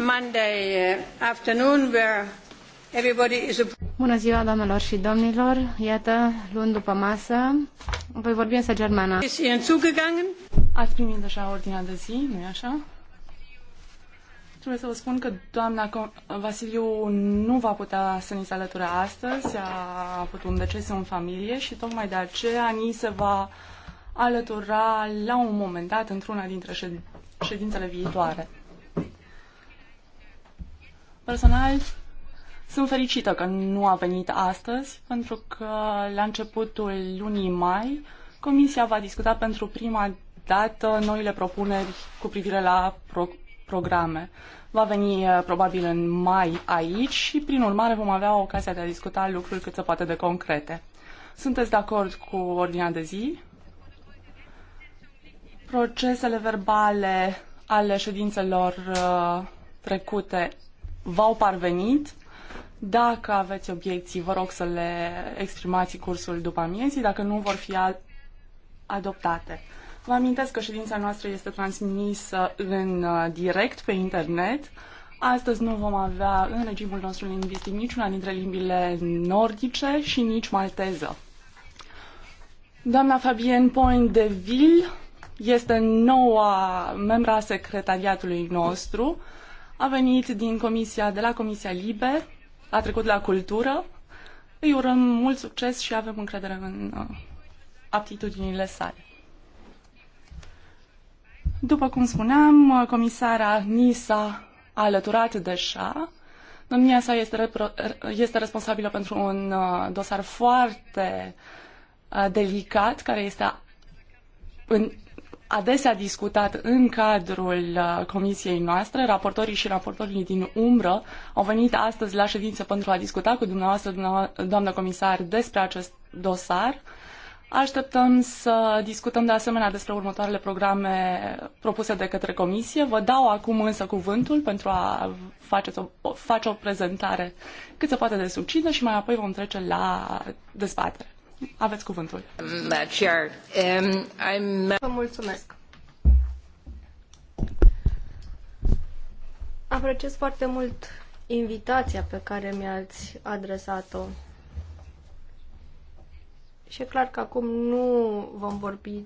Monday uh, afternoon where everybody is Bună ziua, doamnelor și domnilor. Iată, luni după masă, voi vorbi însă germana. Ați primit deja ordinea de zi, nu-i așa? Trebuie să vă spun că doamna Vasiliu nu va putea să ni se alăture astăzi, a avut un deces în familie și tocmai de aceea ni se va alătura la un moment dat într-una dintre ședințele viitoare. Personal, sunt fericită că nu a venit astăzi, pentru că la începutul lunii mai Comisia va discuta pentru prima dată noile propuneri cu privire la pro- programe. Va veni eh, probabil în mai aici și, prin urmare, vom avea ocazia de a discuta lucruri cât se poate de concrete. Sunteți de acord cu ordinea de zi? Procesele verbale ale ședințelor eh, trecute v-au parvenit. Dacă aveți obiecții, vă rog să le exprimați cursul după amiezii, dacă nu vor fi adoptate. Vă amintesc că ședința noastră este transmisă în uh, direct pe internet. Astăzi nu vom avea în regimul nostru lingvistic niciuna dintre limbile nordice și nici malteză. Doamna Fabienne Point de Ville este noua membra secretariatului nostru a venit din comisia, de la Comisia Libe, a trecut la Cultură. Îi urăm mult succes și avem încredere în uh, aptitudinile sale. După cum spuneam, comisara Nisa a alăturat deja. Domnia sa este, este responsabilă pentru un uh, dosar foarte uh, delicat, care este în adesea discutat în cadrul uh, comisiei noastre. Raportorii și raportorii din umbră au venit astăzi la ședință pentru a discuta cu dumneavoastră, doamnă comisar, despre acest dosar. Așteptăm să discutăm de asemenea despre următoarele programe propuse de către comisie. Vă dau acum însă cuvântul pentru a face o, face o prezentare cât se poate de succintă și mai apoi vom trece la dezbatere. Aveți cuvântul. Um, Vă mulțumesc. Apreciez foarte mult invitația pe care mi-ați adresat-o. Și e clar că acum nu vom vorbi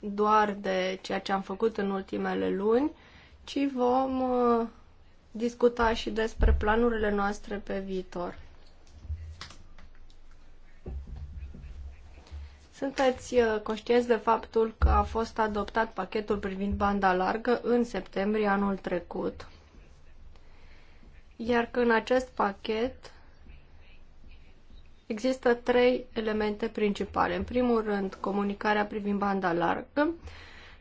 doar de ceea ce am făcut în ultimele luni, ci vom uh, discuta și despre planurile noastre pe viitor. Sunteți uh, conștienți de faptul că a fost adoptat pachetul privind banda largă în septembrie anul trecut, iar că în acest pachet există trei elemente principale. În primul rând, comunicarea privind banda largă,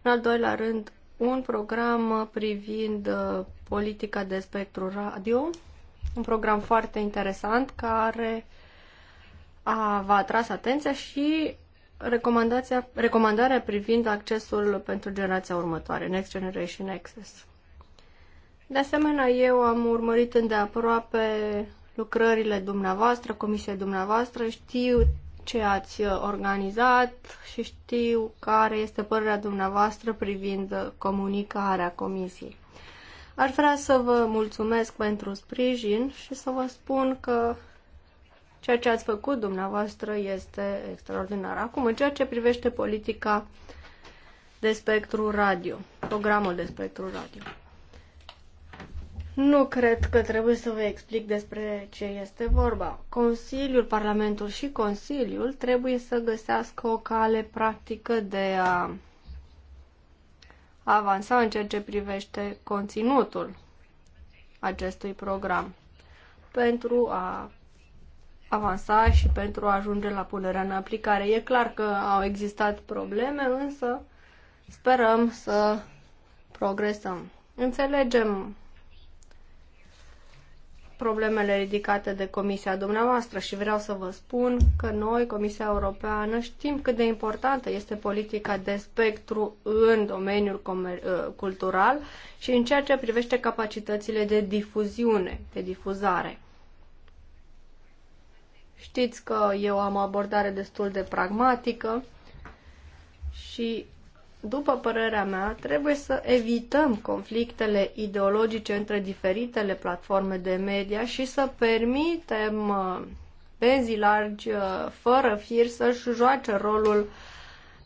în al doilea rând, un program privind uh, politica de spectru radio, un program foarte interesant care a, v-a atras atenția și recomandația, recomandarea privind accesul pentru generația următoare, Next Generation Access. De asemenea, eu am urmărit îndeaproape lucrările dumneavoastră, comisia dumneavoastră, știu ce ați organizat și știu care este părerea dumneavoastră privind comunicarea comisiei. Ar vrea să vă mulțumesc pentru sprijin și să vă spun că Ceea ce ați făcut dumneavoastră este extraordinar. Acum, în ceea ce privește politica de spectru radio, programul de spectru radio. Nu cred că trebuie să vă explic despre ce este vorba. Consiliul, Parlamentul și Consiliul trebuie să găsească o cale practică de a avansa în ceea ce privește conținutul acestui program pentru a avansa și pentru a ajunge la punerea în aplicare. E clar că au existat probleme, însă sperăm să progresăm. Înțelegem problemele ridicate de Comisia dumneavoastră și vreau să vă spun că noi, Comisia Europeană, știm cât de importantă este politica de spectru în domeniul uh, cultural și în ceea ce privește capacitățile de difuziune, de difuzare. Știți că eu am o abordare destul de pragmatică și, după părerea mea, trebuie să evităm conflictele ideologice între diferitele platforme de media și să permitem uh, benzi largi, uh, fără fir, să-și joace rolul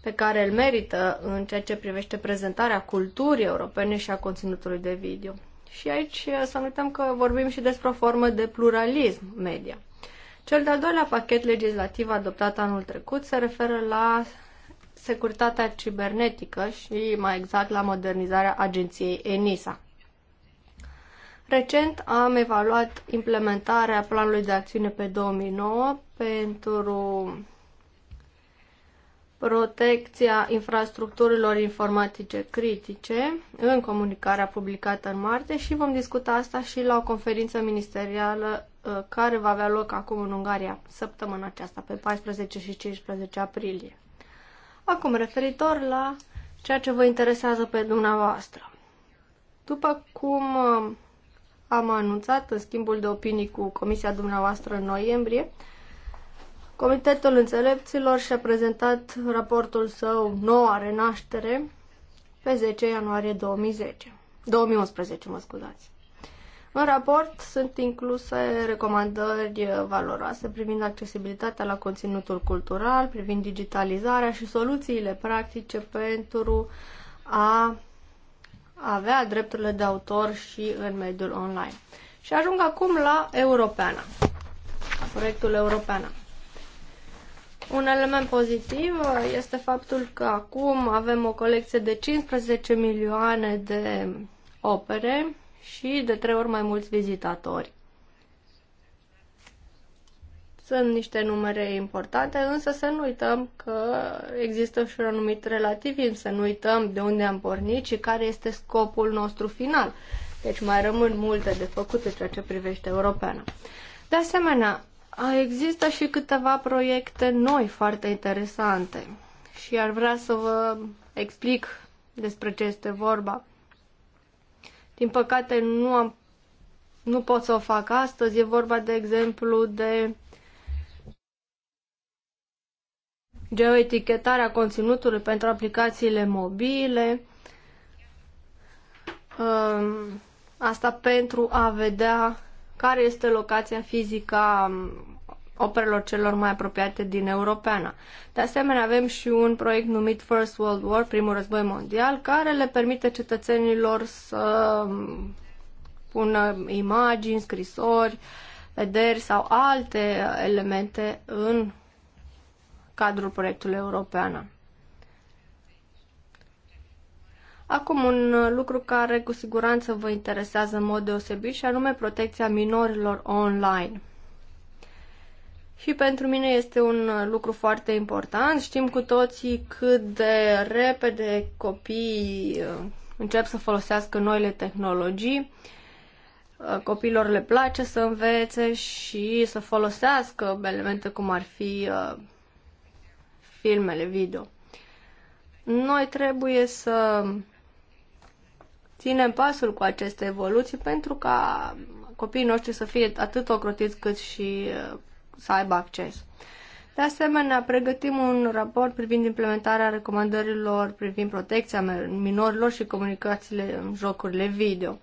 pe care îl merită în ceea ce privește prezentarea culturii europene și a conținutului de video. Și aici uh, să nu uităm că vorbim și despre o formă de pluralism media. Cel de-al doilea pachet legislativ adoptat anul trecut se referă la securitatea cibernetică și mai exact la modernizarea agenției ENISA. Recent am evaluat implementarea planului de acțiune pe 2009 pentru protecția infrastructurilor informatice critice în comunicarea publicată în martie și vom discuta asta și la o conferință ministerială uh, care va avea loc acum în Ungaria săptămâna aceasta, pe 14 și 15 aprilie. Acum, referitor la ceea ce vă interesează pe dumneavoastră. După cum uh, am anunțat în schimbul de opinii cu comisia dumneavoastră în noiembrie, Comitetul Înțelepților și-a prezentat raportul său Noua Renaștere pe 10 ianuarie 2010. 2011, mă scuzați. În raport sunt incluse recomandări valoroase privind accesibilitatea la conținutul cultural, privind digitalizarea și soluțiile practice pentru a avea drepturile de autor și în mediul online. Și ajung acum la Europeana, proiectul Europeana. Un element pozitiv este faptul că acum avem o colecție de 15 milioane de opere și de trei ori mai mulți vizitatori. Sunt niște numere importante, însă să nu uităm că există și un anumit relativism, să nu uităm de unde am pornit și care este scopul nostru final. Deci mai rămân multe de făcut în ceea ce privește europeană. De asemenea, Există și câteva proiecte noi foarte interesante și ar vrea să vă explic despre ce este vorba. Din păcate nu, am, nu pot să o fac astăzi. E vorba, de exemplu, de geoetichetarea conținutului pentru aplicațiile mobile. Um, asta pentru a vedea care este locația fizică a operelor celor mai apropiate din Europeana. De asemenea, avem și un proiect numit First World War, primul război mondial, care le permite cetățenilor să pună imagini, scrisori, vederi sau alte elemente în cadrul proiectului Europeana. Acum un lucru care cu siguranță vă interesează în mod deosebit și anume protecția minorilor online. Și pentru mine este un lucru foarte important. Știm cu toții cât de repede copiii uh, încep să folosească noile tehnologii. Uh, copiilor le place să învețe și să folosească elemente cum ar fi uh, filmele video. Noi trebuie să ținem pasul cu aceste evoluții pentru ca copiii noștri să fie atât ocrotiți cât și uh, să aibă acces. De asemenea, pregătim un raport privind implementarea recomandărilor privind protecția minorilor și comunicațiile în jocurile video.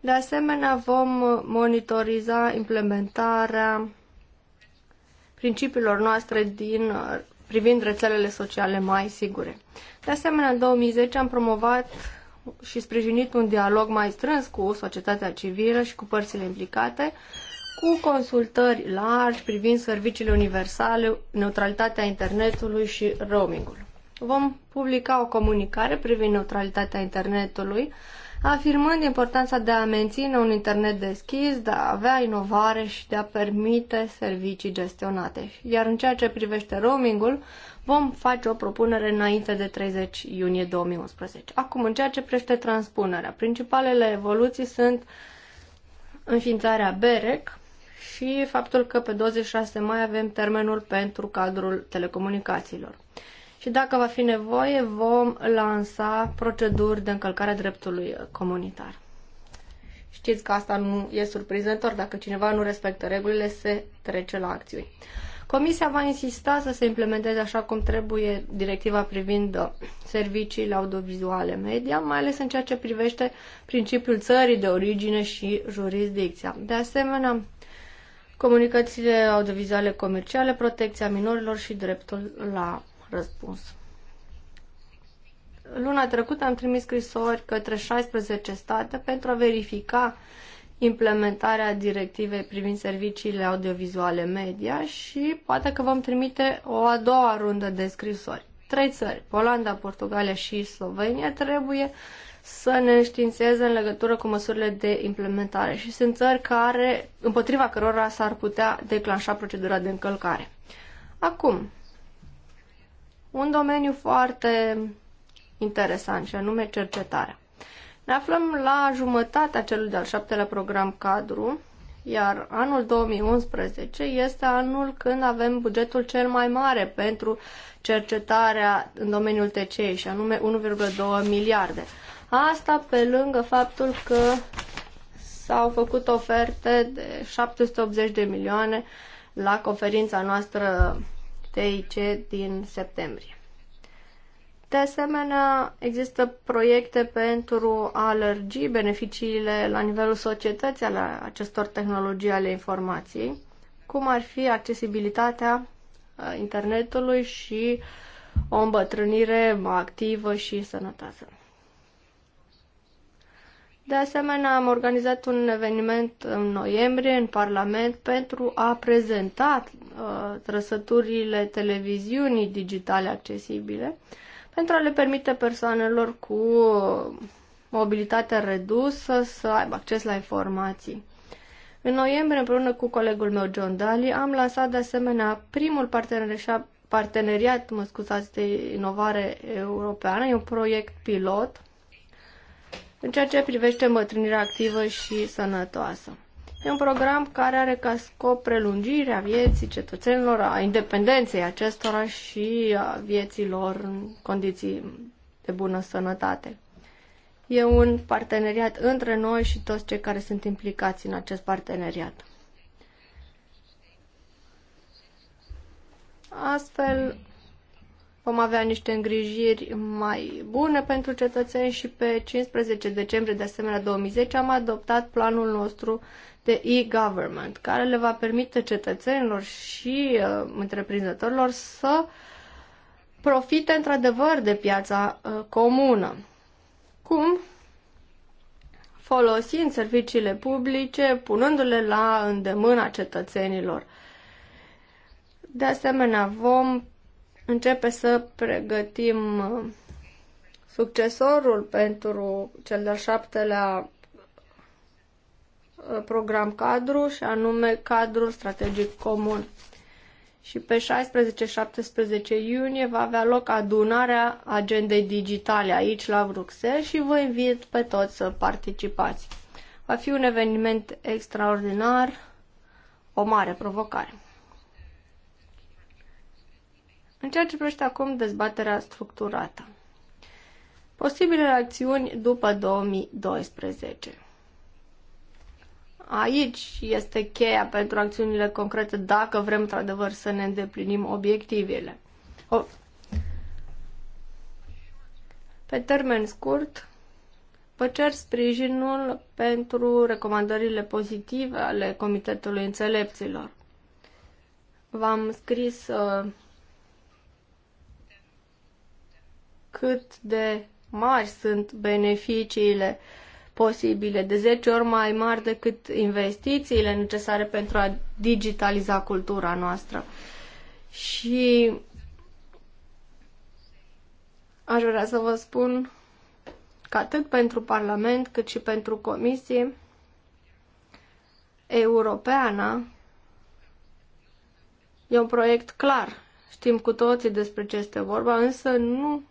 De asemenea, vom monitoriza implementarea principiilor noastre din privind rețelele sociale mai sigure. De asemenea, în 2010 am promovat și sprijinit un dialog mai strâns cu societatea civilă și cu părțile implicate, cu consultări largi privind serviciile universale, neutralitatea internetului și roamingul. Vom publica o comunicare privind neutralitatea internetului, afirmând importanța de a menține un internet deschis, de a avea inovare și de a permite servicii gestionate. Iar în ceea ce privește roamingul, Vom face o propunere înainte de 30 iunie 2011. Acum, în ceea ce prește transpunerea, principalele evoluții sunt înființarea BEREC și faptul că pe 26 mai avem termenul pentru cadrul telecomunicațiilor. Și dacă va fi nevoie, vom lansa proceduri de încălcare a dreptului comunitar. Știți că asta nu e surprinzător. Dacă cineva nu respectă regulile, se trece la acțiuni. Comisia va insista să se implementeze așa cum trebuie directiva privind uh, serviciile audiovizuale media, mai ales în ceea ce privește principiul țării de origine și jurisdicția. De asemenea, comunicațiile audiovizuale comerciale, protecția minorilor și dreptul la răspuns. Luna trecută am trimis scrisori către 16 state pentru a verifica implementarea directivei privind serviciile audiovizuale media și poate că vom trimite o a doua rundă de scrisori. Trei țări, Polanda, Portugalia și Slovenia, trebuie să ne înștiințeze în legătură cu măsurile de implementare și sunt țări care, împotriva cărora s-ar putea declanșa procedura de încălcare. Acum, un domeniu foarte interesant și anume cercetarea. Ne aflăm la jumătatea celui de-al șaptelea program cadru, iar anul 2011 este anul când avem bugetul cel mai mare pentru cercetarea în domeniul TCE și anume 1,2 miliarde. Asta pe lângă faptul că s-au făcut oferte de 780 de milioane la conferința noastră TIC din septembrie. De asemenea, există proiecte pentru a alergi beneficiile la nivelul societății ale acestor tehnologii ale informației, cum ar fi accesibilitatea uh, internetului și o îmbătrânire activă și sănătoasă. De asemenea, am organizat un eveniment în noiembrie în Parlament pentru a prezenta uh, trăsăturile televiziunii digitale accesibile, uh, pentru a le permite persoanelor cu mobilitate redusă să aibă acces la informații. În noiembrie, împreună cu colegul meu John Daly, am lansat de asemenea primul parteneriat, mă scuzați, de inovare europeană. E un proiect pilot în ceea ce privește îmbătrânirea activă și sănătoasă. E un program care are ca scop prelungirea vieții cetățenilor, a independenței acestora și a vieților în condiții de bună sănătate. E un parteneriat între noi și toți cei care sunt implicați în acest parteneriat. Astfel, vom avea niște îngrijiri mai bune pentru cetățeni și pe 15 decembrie de asemenea 2010 am adoptat planul nostru de e-government, care le va permite cetățenilor și uh, întreprinzătorilor să profite într-adevăr de piața uh, comună. Cum? Folosind serviciile publice, punându-le la îndemâna cetățenilor. De asemenea, vom începe să pregătim uh, succesorul pentru cel de-al șaptelea Uh, program cadru și anume cadrul strategic comun. Și pe 16-17 iunie va avea loc adunarea agendei digitale aici la Bruxelles și vă invit pe toți să participați. Va fi un eveniment extraordinar, o mare provocare. În ceea ce privește acum dezbaterea structurată. Posibile acțiuni după 2012. Aici este cheia pentru acțiunile concrete dacă vrem într-adevăr să ne îndeplinim obiectivele. O... Pe termen scurt, vă cer sprijinul pentru recomandările pozitive ale Comitetului Înțelepților. V-am scris uh, cât de mari sunt beneficiile uh, posibile, de 10 ori mai mari decât investițiile necesare pentru a digitaliza cultura noastră. Și aș vrea să vă spun că atât pentru Parlament cât și pentru Comisie Europeană e un proiect clar. Știm cu toții despre ce este vorba, însă nu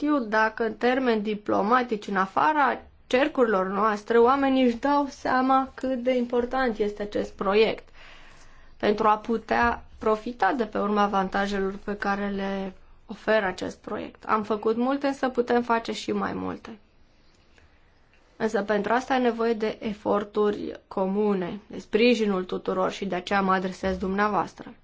știu dacă în termeni diplomatici, în afara cercurilor noastre, oamenii își dau seama cât de important este acest proiect pentru a putea profita de pe urma avantajelor pe care le oferă acest proiect. Am făcut multe, însă putem face și mai multe. Însă pentru asta e nevoie de eforturi comune, de sprijinul tuturor și de aceea mă adresez dumneavoastră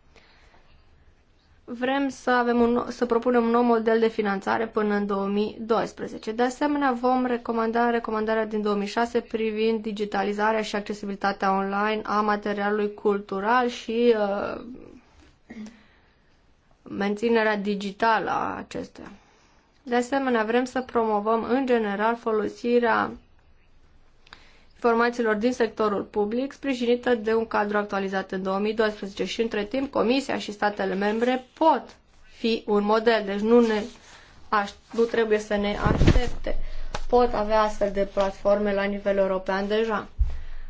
vrem să, avem un, să propunem un nou model de finanțare până în 2012. De asemenea, vom recomanda recomandarea din 2006 privind digitalizarea și accesibilitatea online a materialului cultural și uh, menținerea digitală a acestuia. De asemenea, vrem să promovăm în general folosirea informațiilor din sectorul public, sprijinită de un cadru actualizat în 2012 și între timp Comisia și statele membre pot fi un model, deci nu, ne aș, nu trebuie să ne aștepte. Pot avea astfel de platforme la nivel european deja.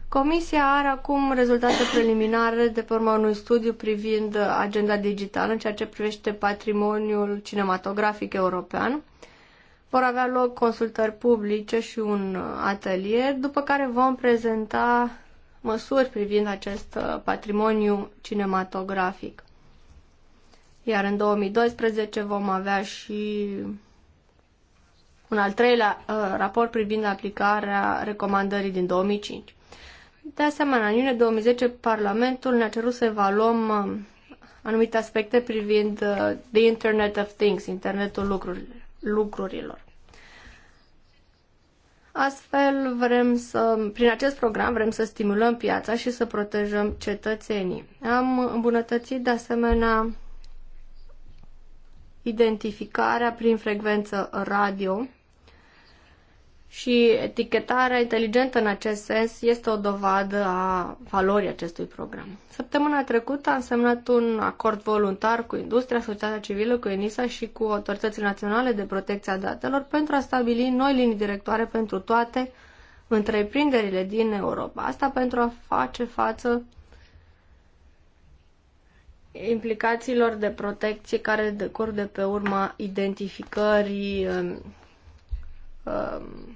Comisia are acum rezultate preliminare de pe urma unui studiu privind agenda digitală în ceea ce privește patrimoniul cinematografic european vor avea loc consultări publice și un uh, atelier, după care vom prezenta măsuri privind acest uh, patrimoniu cinematografic. Iar în 2012 vom avea și un al treilea uh, raport privind aplicarea recomandării din 2005. De asemenea, în iunie 2010, Parlamentul ne-a cerut să evaluăm anumite aspecte privind The Internet of Things, Internetul lucrurilor lucrurilor. Astfel, vrem să, prin acest program vrem să stimulăm piața și să protejăm cetățenii. Am îmbunătățit de asemenea identificarea prin frecvență radio și etichetarea inteligentă în acest sens este o dovadă a valorii acestui program. Săptămâna trecută am semnat un acord voluntar cu industria, societatea civilă, cu ENISA și cu autoritățile naționale de protecție a datelor pentru a stabili noi linii directoare pentru toate întreprinderile din Europa. Asta pentru a face față implicațiilor de protecție care decor de pe urma identificării um, um,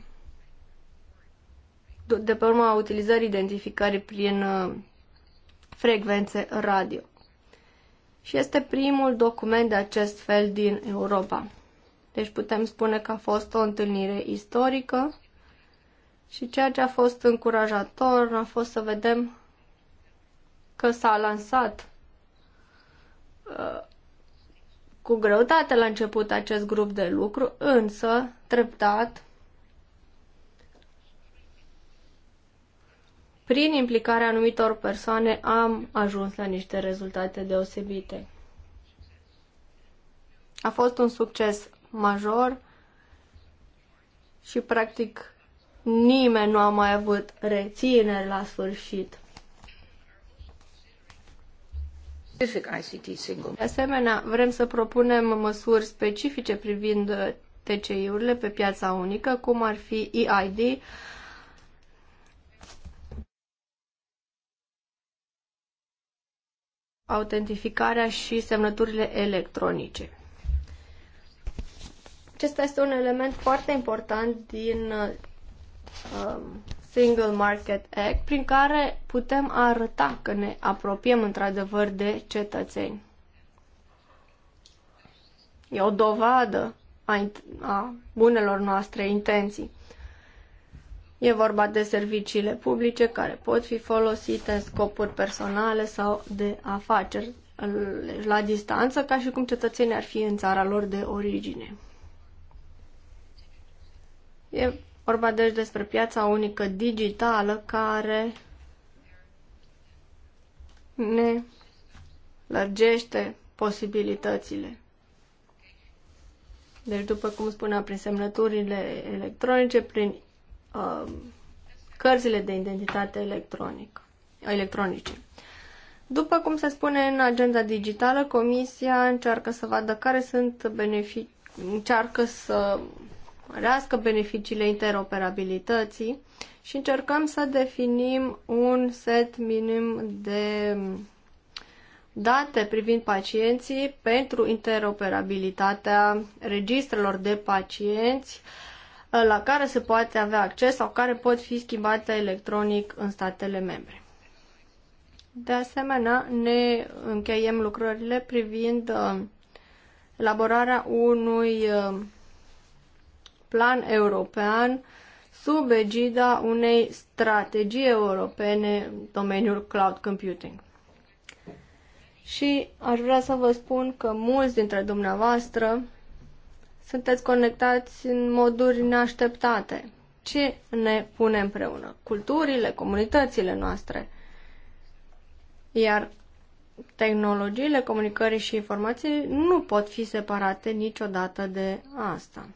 de pe urma utilizării identificării prin uh, frecvențe radio. Și este primul document de acest fel din Europa. Deci putem spune că a fost o întâlnire istorică și ceea ce a fost încurajator a fost să vedem că s-a lansat uh, cu greutate la început acest grup de lucru, însă, treptat, prin implicarea anumitor persoane am ajuns la niște rezultate deosebite. A fost un succes major și practic nimeni nu a mai avut reținere la sfârșit. De asemenea, vrem să propunem măsuri specifice privind TCI-urile pe piața unică, cum ar fi EID, autentificarea și semnăturile electronice. Acesta este un element foarte important din um, Single Market Act, prin care putem arăta că ne apropiem într-adevăr de cetățeni. E o dovadă a, a bunelor noastre intenții. E vorba de serviciile publice care pot fi folosite în scopuri personale sau de afaceri deci la distanță, ca și cum cetățenii ar fi în țara lor de origine. E vorba deci despre piața unică digitală care ne lărgește posibilitățile. Deci, după cum spuneam, prin semnăturile electronice, prin Um, cărțile de identitate electronică, electronice. După cum se spune în agenda digitală, Comisia încearcă să vadă care sunt beneficii, încearcă să rească beneficiile interoperabilității și încercăm să definim un set minim de date privind pacienții pentru interoperabilitatea registrelor de pacienți uh, la care se poate avea acces sau care pot fi schimbate electronic în statele membre. De asemenea, ne încheiem lucrările privind uh, elaborarea unui uh, plan european sub egida unei strategii europene în domeniul cloud computing. Și aș vrea să vă spun că mulți dintre dumneavoastră sunteți conectați în moduri neașteptate. Ce ne pune împreună? Culturile, comunitățile noastre. Iar tehnologiile comunicării și informații nu pot fi separate niciodată de asta.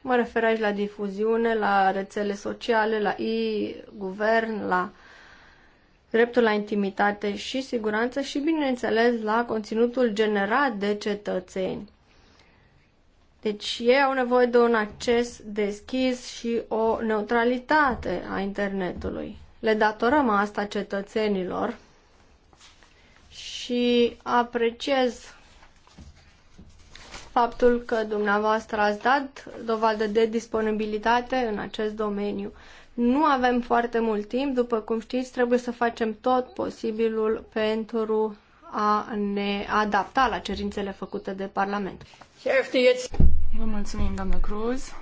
Mă refer aici la difuziune, la rețele sociale, la e-guvern, la dreptul la intimitate și siguranță și, bineînțeles, la conținutul generat de cetățeni. Deci ei au nevoie de un acces deschis și o neutralitate a internetului. Le datorăm asta cetățenilor și apreciez faptul că dumneavoastră ați dat dovadă de disponibilitate în acest domeniu. Nu avem foarte mult timp, după cum știți, trebuie să facem tot posibilul pentru a ne adapta la cerințele făcute de Parlament. Vă mulțumim, doamnă Cruz.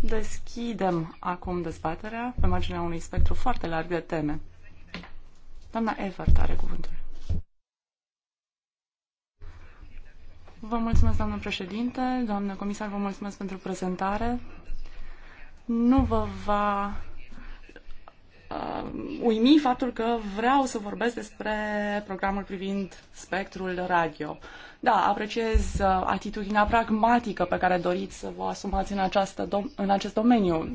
Deschidem acum dezbaterea pe marginea unui spectru foarte larg de teme. Doamna Evert are cuvântul. Vă mulțumesc, doamnă președinte, doamnă comisar, vă mulțumesc pentru prezentare. Nu vă va Uh, uimi faptul că vreau să vorbesc despre programul privind spectrul radio. Da, apreciez uh, atitudinea pragmatică pe care doriți să vă asumați în, această dom- în acest domeniu.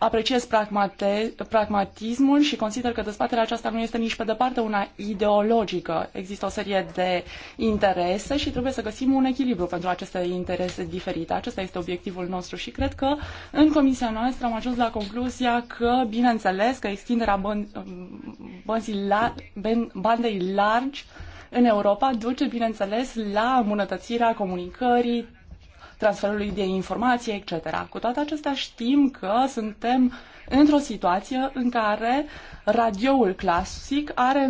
Apreciez pragmate, pragmatismul și consider că dezbaterea aceasta nu este nici pe departe una ideologică. Există o serie de interese și trebuie să găsim un echilibru pentru aceste interese diferite. Acesta este obiectivul nostru și cred că în comisia noastră am ajuns la concluzia că, bineînțeles, că extinderea bănzii la, bandei largi în Europa duce, bineînțeles, la îmbunătățirea comunicării, transferului de informații, etc. Cu toate acestea știm că suntem într-o situație în care radioul clasic are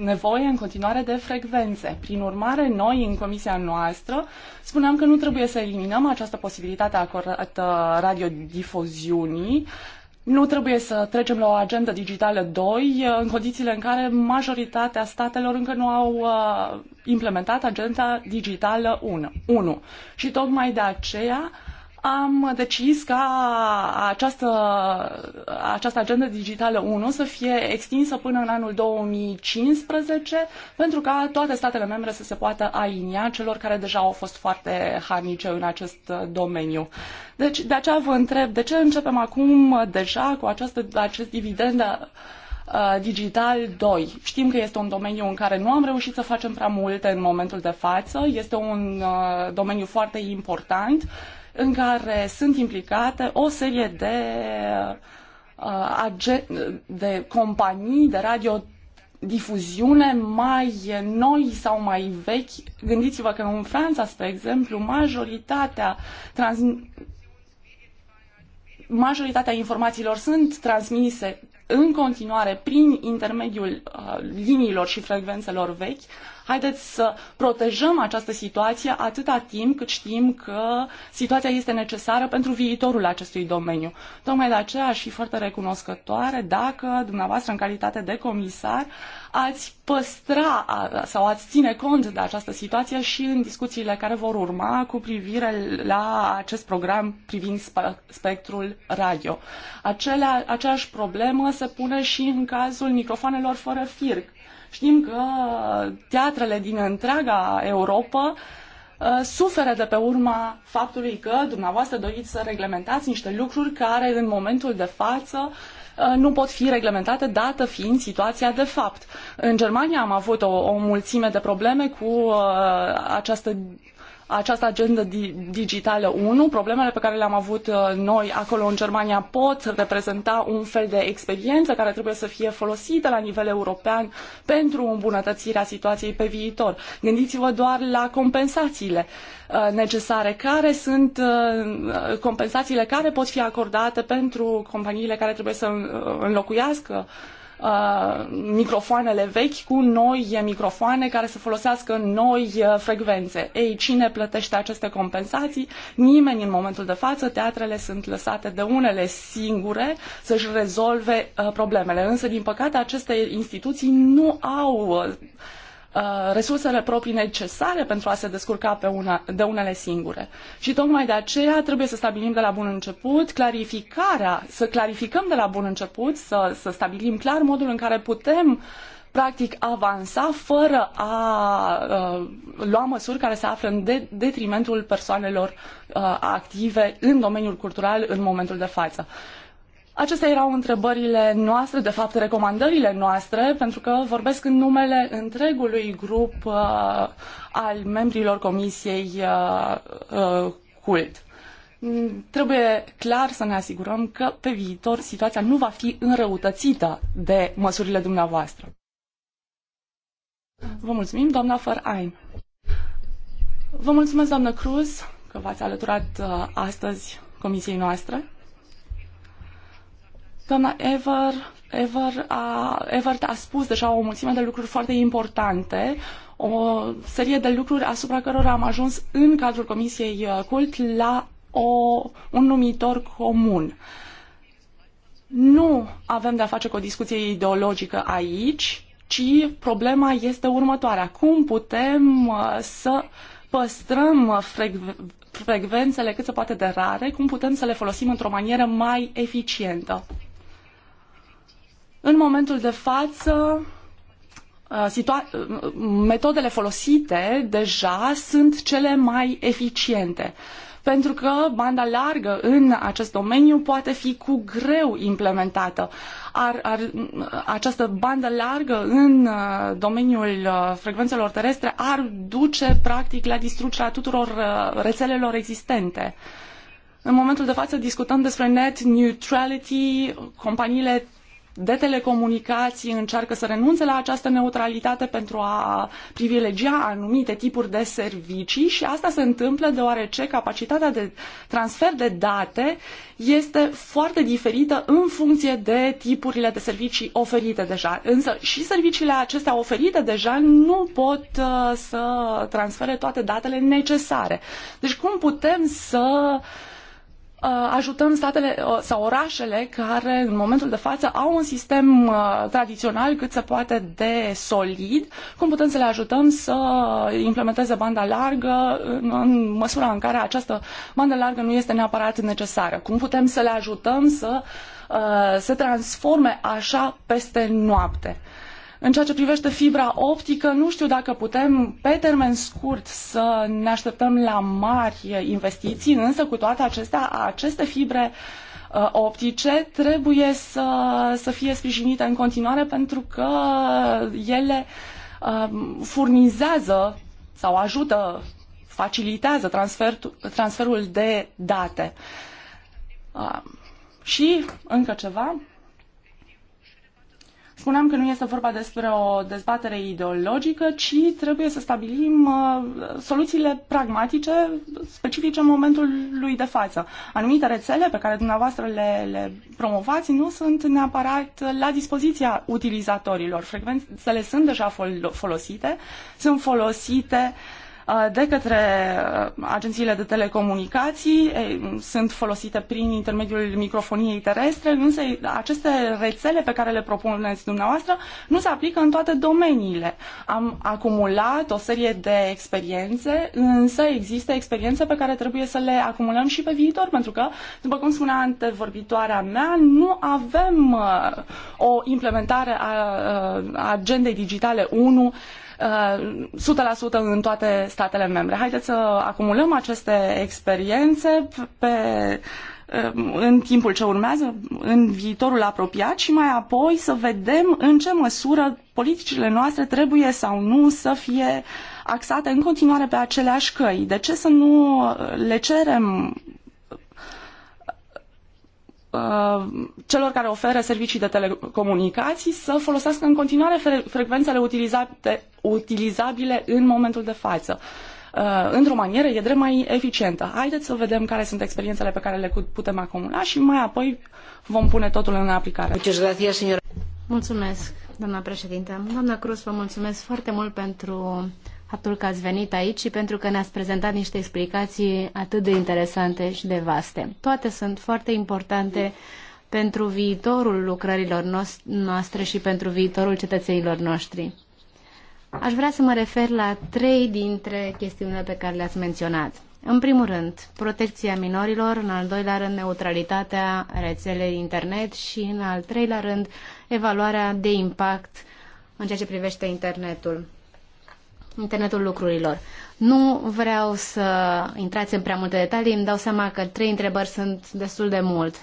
nevoie în continuare de frecvențe. Prin urmare, noi în comisia noastră spuneam că nu trebuie să eliminăm această posibilitate acordată radiodifuziunii, nu trebuie să trecem la o agendă digitală 2 uh, în condițiile în care majoritatea statelor încă nu au uh, implementat agenda digitală 1. 1. Și tocmai de aceea am decis ca această, această agendă digitală 1 să fie extinsă până în anul 2015 pentru ca toate statele membre să se poată alinia celor care deja au fost foarte harnice în acest domeniu. Deci de aceea vă întreb de ce începem acum deja cu această, acest dividend uh, Digital 2. Știm că este un domeniu în care nu am reușit să facem prea multe în momentul de față. Este un uh, domeniu foarte important în care sunt implicate o serie de, uh, de companii de radio difuziune mai noi sau mai vechi. Gândiți-vă că în Franța, spre exemplu, majoritatea trans majoritatea informațiilor sunt transmise în continuare prin intermediul uh, liniilor și frecvențelor vechi, Haideți să protejăm această situație atâta timp cât știm că situația este necesară pentru viitorul acestui domeniu. Tocmai de aceea aș fi foarte recunoscătoare dacă dumneavoastră, în calitate de comisar, ați păstra sau ați ține cont de această situație și în discuțiile care vor urma cu privire la acest program privind spectrul radio. Acelea, aceeași problemă se pune și în cazul microfoanelor fără fir Știm că teatrele din întreaga Europa uh, suferă de pe urma faptului că dumneavoastră doriți să reglementați niște lucruri care în momentul de față uh, nu pot fi reglementate, dată fiind situația de fapt. În Germania am avut o, o mulțime de probleme cu uh, această această agendă digitală 1, problemele pe care le-am avut uh, noi acolo în Germania pot reprezenta un fel de experiență care trebuie să fie folosită la nivel european pentru îmbunătățirea situației pe viitor. Gândiți-vă doar la compensațiile uh, necesare, care sunt uh, compensațiile care pot fi acordate pentru companiile care trebuie să înlocuiască uh, microfoanele vechi cu noi microfoane care să folosească noi uh, frecvențe. Ei, cine plătește aceste compensații? Nimeni în momentul de față. Teatrele sunt lăsate de unele singure să-și rezolve uh, problemele. Însă, din păcate, aceste instituții nu au uh, Uh, resursele proprii necesare pentru a se descurca pe una, de unele singure. Și tocmai de aceea trebuie să stabilim de la bun început clarificarea, să clarificăm de la bun început, să, să stabilim clar modul în care putem practic avansa fără a uh, lua măsuri care se află în de- detrimentul persoanelor uh, active în domeniul cultural în momentul de față. Uh, Acestea erau întrebările noastre, de fapt recomandările noastre, pentru că vorbesc în numele întregului grup uh, al membrilor Comisiei uh, uh, CULT. Mm, trebuie clar să ne asigurăm că pe viitor situația nu va fi înrăutățită de măsurile dumneavoastră. Vă mulțumim, doamna Fărain. Vă mulțumesc, doamnă Cruz, că v-ați alăturat uh, astăzi comisiei noastre. Doamna Ever, Ever a, Evert a spus deja o mulțime de lucruri foarte importante, o serie de lucruri asupra cărora am ajuns în cadrul Comisiei uh, Cult la o, un numitor comun. Nu avem de-a face cu o discuție ideologică aici, ci problema este următoarea. Cum putem uh, să păstrăm frecvențele cât se poate de rare, cum putem să le folosim într-o manieră mai eficientă. În momentul de față, uh, uh, metodele folosite deja sunt cele mai eficiente pentru că banda largă în acest domeniu poate fi cu greu implementată. Ar, ar, această bandă largă în uh, domeniul frecvențelor terestre ar duce practic la distrugerea tuturor rețelelor existente. În momentul de față discutăm despre net neutrality, companiile de telecomunicații încearcă să renunțe la această neutralitate pentru a privilegia anumite tipuri de servicii și asta se întâmplă deoarece capacitatea de transfer de date este foarte diferită în funcție de tipurile de servicii oferite deja. Însă și serviciile acestea oferite deja nu pot uh, să transfere toate datele necesare. Deci cum putem să Uh, ajutăm statele uh, sau orașele care în momentul de față au un sistem uh, tradițional cât se poate de solid, cum putem să le ajutăm să implementeze banda largă în, măsura în care această bandă largă nu este neapărat necesară, cum putem să le ajutăm să se transforme așa peste noapte. În ceea ce privește fibra optică, nu știu dacă putem pe termen scurt să ne așteptăm la mari investiții, însă cu toate acestea, aceste fibre uh, optice trebuie să, să fie sprijinite în continuare pentru că ele uh, furnizează sau ajută, facilitează transfer, transferul de date. Uh, și încă ceva, Spuneam că nu este vorba despre o dezbatere ideologică, ci trebuie să stabilim uh, soluțiile pragmatice specifice în momentul lui de față. Anumite rețele pe care dumneavoastră le, le promovați nu sunt neapărat la dispoziția utilizatorilor. Frecvențele sunt deja fol- folosite, sunt folosite uh, Uh, de către uh, agențiile de telecomunicații, um, sunt folosite prin intermediul microfoniei terestre, însă aceste rețele pe care le propuneți dumneavoastră nu se aplică în toate domeniile. Am acumulat o serie de experiențe, însă există experiențe pe care trebuie să le acumulăm și pe viitor, pentru că, după cum spunea antevorbitoarea mea, nu avem uh, o implementare a agendei digitale 1 100% uh, în toate statele membre. Haideți să acumulăm aceste experiențe pe uh, în timpul ce urmează, în viitorul apropiat și mai apoi să vedem în ce măsură politicile noastre trebuie sau nu să fie axate în continuare pe aceleași căi. De ce să nu le cerem Uh, celor care oferă servicii de telecomunicații să folosească în continuare frecvențele utilizate, utilizabile în momentul de față. Uh, într-o manieră, e drept mai eficientă. Haideți să vedem care sunt experiențele pe care le putem acumula și mai apoi vom pune totul în aplicare. Mulțumesc, doamna președinte. Doamna Cruz, vă mulțumesc foarte mult pentru faptul că ați venit aici și pentru că ne-ați prezentat niște explicații atât de interesante și de vaste. Toate sunt foarte importante pentru viitorul lucrărilor noastre și pentru viitorul cetățenilor noștri. Aș vrea să mă refer la trei dintre chestiunile pe care le-ați menționat. În primul rând, protecția minorilor, în al doilea rând, neutralitatea rețelei internet și, în al treilea rând, evaluarea de impact în ceea ce privește internetul internetul lucrurilor. Nu vreau să intrați în prea multe detalii, îmi dau seama că trei întrebări sunt destul de mult.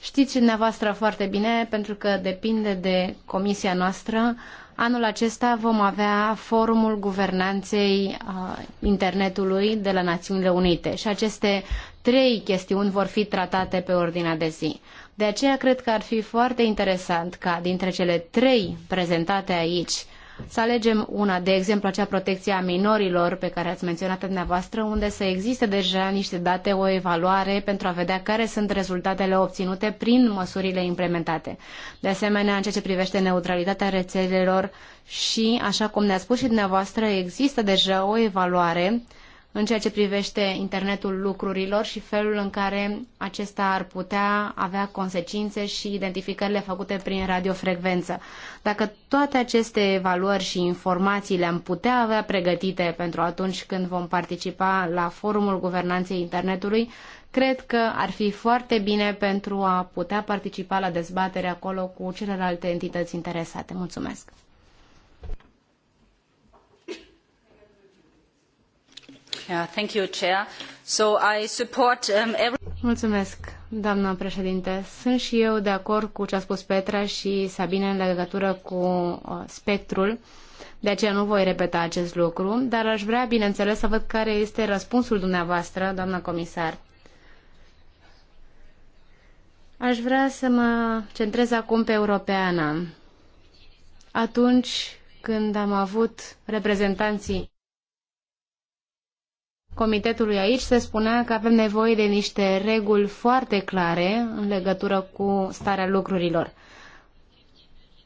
Știți dumneavoastră foarte bine, pentru că depinde de comisia noastră, anul acesta vom avea forumul guvernanței internetului de la Națiunile Unite și aceste trei chestiuni vor fi tratate pe ordinea de zi. De aceea cred că ar fi foarte interesant ca dintre cele trei prezentate aici să alegem una, de exemplu acea protecție a minorilor pe care ați menționat-o dumneavoastră, unde să existe deja niște date, o evaluare pentru a vedea care sunt rezultatele obținute prin măsurile implementate. De asemenea, în ceea ce privește neutralitatea rețelelor și, așa cum ne-a spus și dumneavoastră, există deja o evaluare uh, în ceea ce privește internetul lucrurilor și felul în care acesta ar putea avea consecințe și identificările făcute prin radiofrecvență. Dacă toate aceste valori și informații le-am putea avea pregătite pentru atunci când vom participa la Forumul Guvernanței Internetului, cred că ar fi foarte bine pentru a putea participa la dezbatere acolo cu celelalte entități interesate. Mulțumesc! Um, doamnă Mulțumesc, președinte. Sunt și eu de acord cu ce a spus Petra și Sabine în legătură cu uh, spectrul. De aceea nu voi repeta acest lucru, dar aș vrea, bineînțeles, să văd care este răspunsul dumneavoastră, doamnă comisar. Aș vrea să mă centrez acum pe europeană. Atunci când am avut reprezentanții comitetului aici se spunea că avem nevoie de niște reguli foarte clare în legătură cu starea lucrurilor.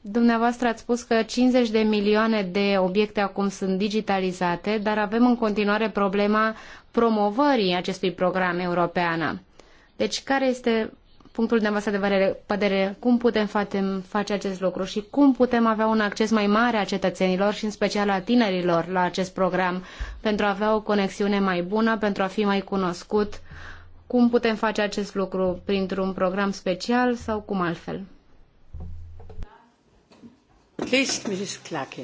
Dumneavoastră ați spus că 50 de milioane de obiecte acum sunt digitalizate, dar avem în continuare problema promovării acestui program european. Deci care este punctul dumneavoastră de vedere, cum putem face, face acest lucru și cum putem avea un acces mai mare a cetățenilor și în special a tinerilor la acest program pentru a avea o conexiune mai bună, pentru a fi mai cunoscut. Cum putem face acest lucru? Printr-un program special sau cum altfel? Please, Mrs. Clarke.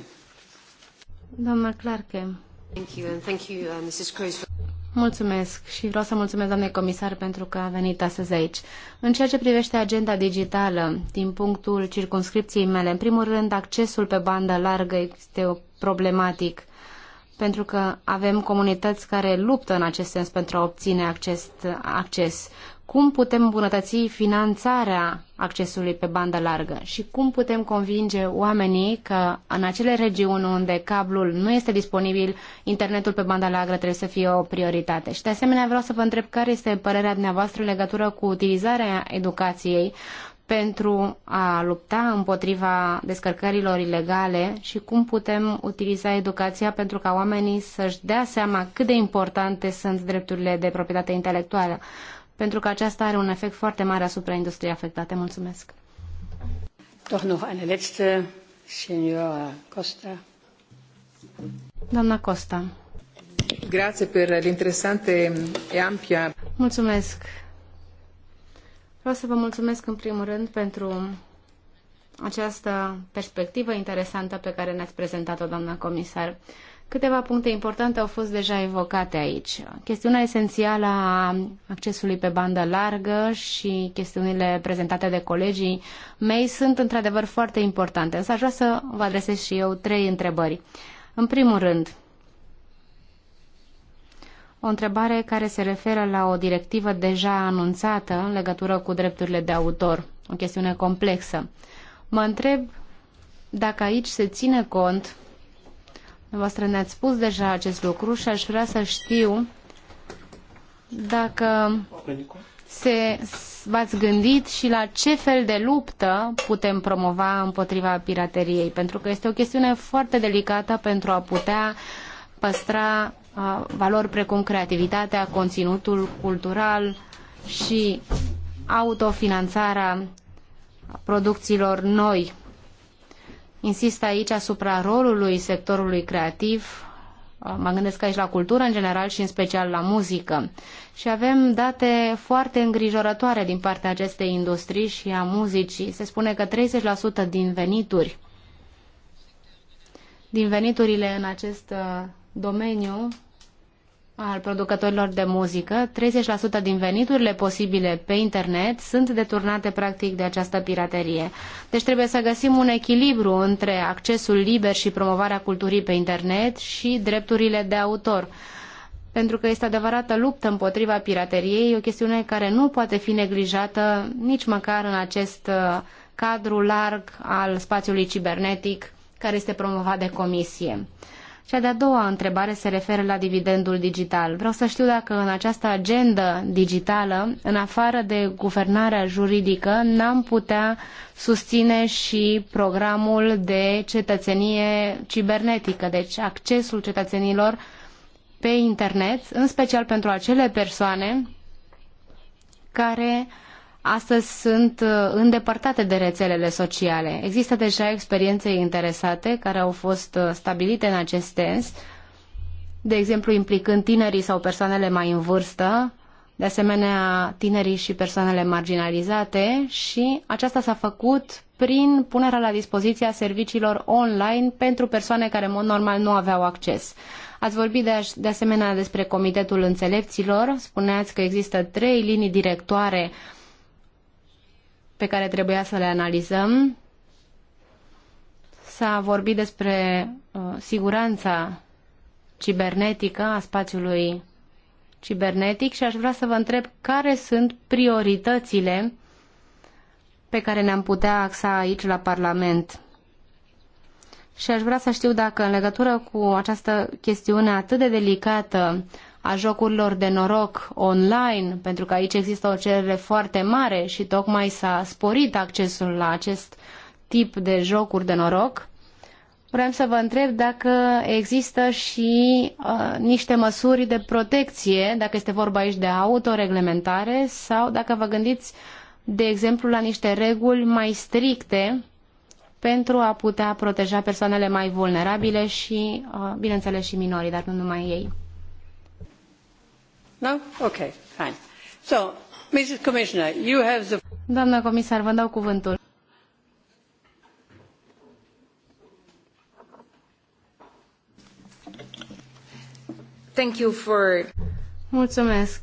Doamna Clarke. Thank you and thank you, uh, Mrs. Cruz. Mulțumesc și vreau să mulțumesc, doamne comisar, pentru că a venit astăzi aici. În ceea ce privește agenda digitală, din punctul circunscripției mele, în primul rând, accesul pe bandă largă este o problematic, pentru că avem comunități care luptă în acest sens pentru a obține acest acces cum putem îmbunătăți finanțarea accesului pe bandă largă și cum putem convinge oamenii că în acele regiuni unde cablul nu este disponibil, internetul pe bandă largă trebuie să fie o prioritate. Și de asemenea vreau să vă întreb care este părerea dumneavoastră în legătură cu utilizarea educației pentru a lupta împotriva descărcărilor ilegale și cum putem utiliza educația pentru ca oamenii să-și dea seama cât de importante sunt drepturile de proprietate intelectuală pentru că aceasta are un efect foarte mare asupra industriei afectate. Mulțumesc. Doch noch eine letzte, signora Costa. Doamna Costa. Grazie per l'interessante e ampia. Mulțumesc. Vreau să vă mulțumesc în primul rând pentru această perspectivă interesantă pe care ne-ați prezentat-o, doamna comisar. Câteva puncte importante au fost deja evocate aici. Chestiunea esențială a accesului pe bandă largă și chestiunile prezentate de colegii mei sunt într-adevăr foarte importante, însă aș vrea să vă adresez și eu trei întrebări. În primul rând, o întrebare care se referă la o directivă deja anunțată în legătură cu drepturile de autor, o chestiune complexă. Mă întreb dacă aici se ține cont Dumneavoastră ne-ați spus deja acest lucru și aș vrea să știu dacă se, v-ați gândit și la ce fel de luptă putem promova împotriva pirateriei, pentru că este o chestiune foarte delicată pentru a putea păstra uh, valori precum creativitatea, conținutul cultural și autofinanțarea producțiilor noi Insist aici asupra rolului sectorului creativ, mă gândesc aici la cultură în general și în special la muzică. Și avem date foarte îngrijorătoare din partea acestei industrii și a muzicii. Se spune că 30% din venituri din veniturile în acest uh, domeniu al producătorilor de muzică, 30% din veniturile posibile pe internet sunt deturnate practic de această piraterie. Deci trebuie să găsim un echilibru între accesul liber și promovarea culturii pe internet și drepturile de autor. Pentru că este adevărată luptă împotriva pirateriei, o chestiune care nu poate fi neglijată nici măcar în acest uh, cadru larg al spațiului cibernetic care este promovat de comisie. Cea de-a doua întrebare se referă la dividendul digital. Vreau să știu dacă în această agendă digitală, în afară de guvernarea juridică, n-am putea susține și programul de cetățenie cibernetică, deci accesul cetățenilor pe internet, în special pentru acele persoane care astăzi sunt uh, îndepărtate de rețelele sociale. Există deja experiențe interesate care au fost uh, stabilite în acest sens, de exemplu implicând tinerii sau persoanele mai în vârstă, de asemenea tinerii și persoanele marginalizate și aceasta s-a făcut prin punerea la dispoziție a serviciilor online pentru persoane care în mod normal nu aveau acces. Ați vorbit de, de asemenea despre Comitetul Înțelepților, spuneați că există trei linii directoare uh, pe care trebuia să le analizăm. S-a vorbit despre uh, siguranța cibernetică a spațiului cibernetic și aș vrea să vă întreb care sunt prioritățile pe care ne-am putea axa aici la Parlament. Și aș vrea să știu dacă în legătură cu această chestiune atât de delicată a jocurilor de noroc online, pentru că aici există o cerere foarte mare și tocmai s-a sporit accesul la acest tip de jocuri de noroc, vreau să vă întreb dacă există și uh, niște măsuri de protecție, dacă este vorba aici de autoreglementare sau dacă vă gândiți, de exemplu, la niște reguli mai stricte pentru a putea proteja persoanele mai vulnerabile și, uh, bineînțeles, și minorii, dar nu numai ei. No? Okay, fine. So, Mrs. Commissioner, you have the... Doamnă comisar, vă dau cuvântul. Thank you for... Mulțumesc.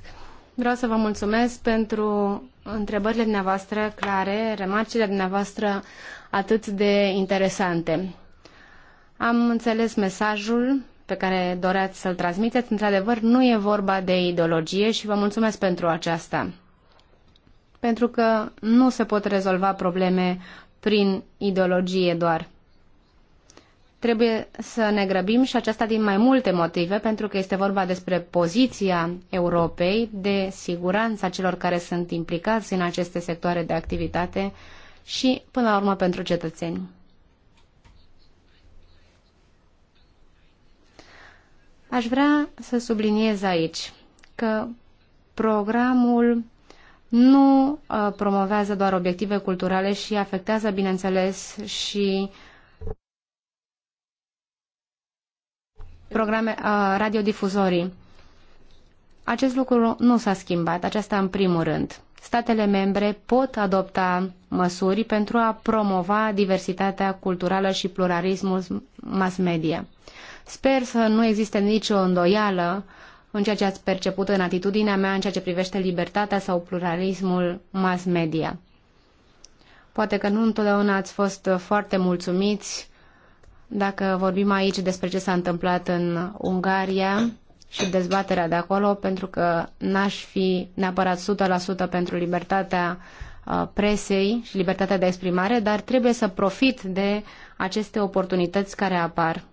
Vreau să vă mulțumesc pentru întrebările dumneavoastră clare, remarcile dumneavoastră atât de interesante. Am înțeles mesajul pe care doreați să-l transmiteți. Într-adevăr, nu e vorba de ideologie și vă mulțumesc pentru aceasta. Pentru că nu se pot rezolva probleme prin ideologie doar. Trebuie să ne grăbim și aceasta din mai multe motive, pentru că este vorba despre poziția Europei, de siguranța celor care sunt implicați în aceste sectoare de activitate și, până la urmă, pentru cetățeni. Aș vrea să subliniez aici că programul nu uh, promovează doar obiective culturale și afectează, bineînțeles, și programe uh, radiodifuzorii. Acest lucru nu s-a schimbat, aceasta în primul rând. Statele membre pot adopta măsuri pentru a promova diversitatea culturală și pluralismul mass media. Sper să nu existe nicio îndoială în ceea ce ați perceput în atitudinea mea în ceea ce privește libertatea sau pluralismul mass media. Poate că nu întotdeauna ați fost foarte mulțumiți dacă vorbim aici despre ce s-a întâmplat în Ungaria și dezbaterea de acolo, pentru că n-aș fi neapărat 100% pentru libertatea uh, presei și libertatea de exprimare, dar trebuie să profit de aceste oportunități care apar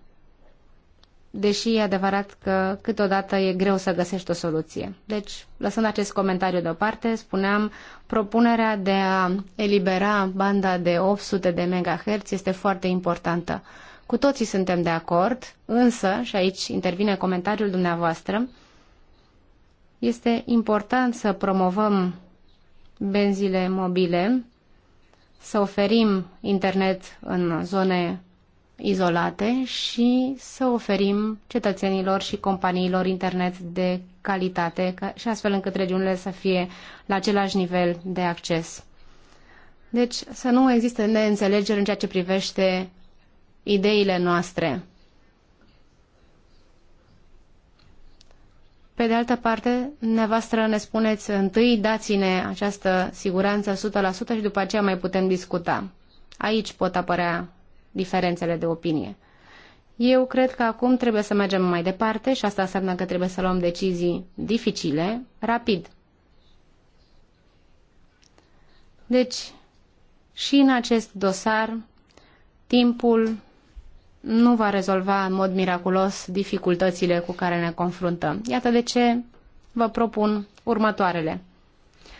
deși e adevărat că câteodată e greu să găsești o soluție. Deci, lăsând acest comentariu deoparte, spuneam, propunerea de a elibera banda de 800 de MHz este foarte importantă. Cu toții suntem de acord, însă, și aici intervine comentariul dumneavoastră, este important să promovăm benzile mobile, să oferim internet în zone izolate și să oferim cetățenilor și companiilor internet de calitate și astfel încât regiunile să fie la același nivel de acces. Deci să nu existe neînțelegeri în ceea ce privește ideile noastre. Pe de altă parte, nevastră ne spuneți întâi dați-ne această siguranță 100% și după aceea mai putem discuta. Aici pot apărea diferențele de opinie. Eu cred că acum trebuie să mergem mai departe și asta înseamnă că trebuie să luăm decizii dificile, rapid. Deci, și în acest dosar, timpul nu va rezolva în mod miraculos dificultățile cu care ne confruntăm. Iată de ce vă propun următoarele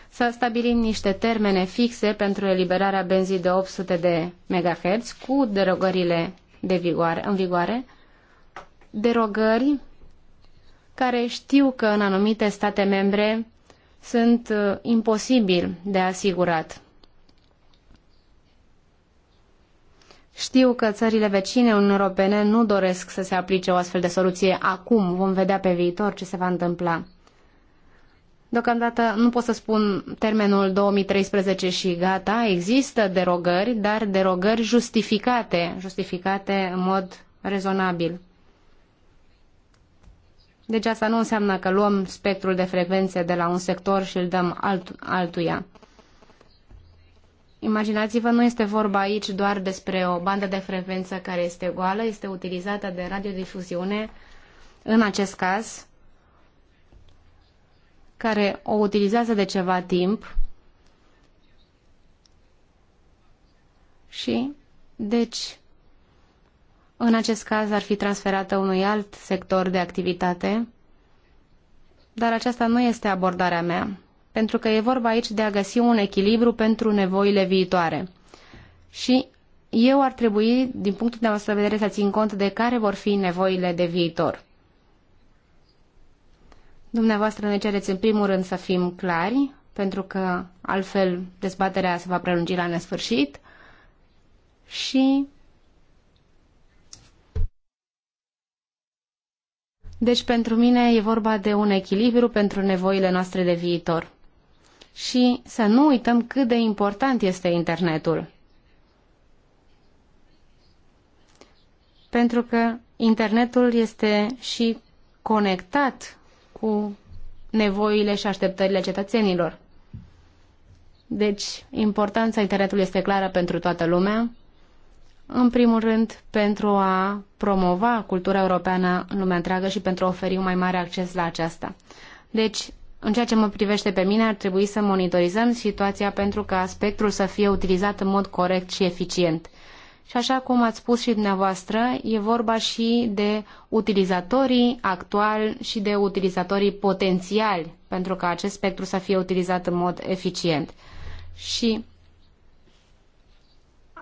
să stabilim niște termene fixe pentru eliberarea benzii de 800 de MHz cu derogările de vigoare, în vigoare, derogări care știu că în anumite state membre sunt uh, imposibil de asigurat. Știu că țările vecine în Europene nu doresc să se aplice o astfel de soluție acum. Vom vedea pe viitor ce se va întâmpla. Deocamdată nu pot să spun termenul 2013 și gata, există derogări, dar derogări justificate, justificate în mod rezonabil. Deci asta nu înseamnă că luăm spectrul de frecvențe de la un sector și îl dăm alt, altuia. Imaginați-vă, nu este vorba aici doar despre o bandă de frecvență care este goală, este utilizată de radiodifuziune, în acest caz, care o utilizează de ceva timp și, deci, în acest caz ar fi transferată unui alt sector de activitate, dar aceasta nu este abordarea mea, pentru că e vorba aici de a găsi un echilibru pentru nevoile viitoare. Și eu ar trebui, din punctul de vedere, să țin cont de care vor fi nevoile de viitor. Dumneavoastră ne cereți în primul rând să fim clari, pentru că altfel dezbaterea se va prelungi la nesfârșit și Deci pentru mine e vorba de un echilibru pentru nevoile noastre de viitor. Și să nu uităm cât de important este internetul. Pentru că internetul este și conectat cu nevoile și așteptările cetățenilor. Deci, importanța internetului este clară pentru toată lumea, în primul rând pentru a promova cultura europeană în lumea întreagă și pentru a oferi un mai mare acces la aceasta. Deci, în ceea ce mă privește pe mine, ar trebui să monitorizăm situația pentru ca spectrul să fie utilizat în mod corect și eficient. Și așa cum ați spus și dumneavoastră, e vorba și de utilizatorii actuali și de utilizatorii potențiali pentru ca acest spectru să fie utilizat în mod eficient. Și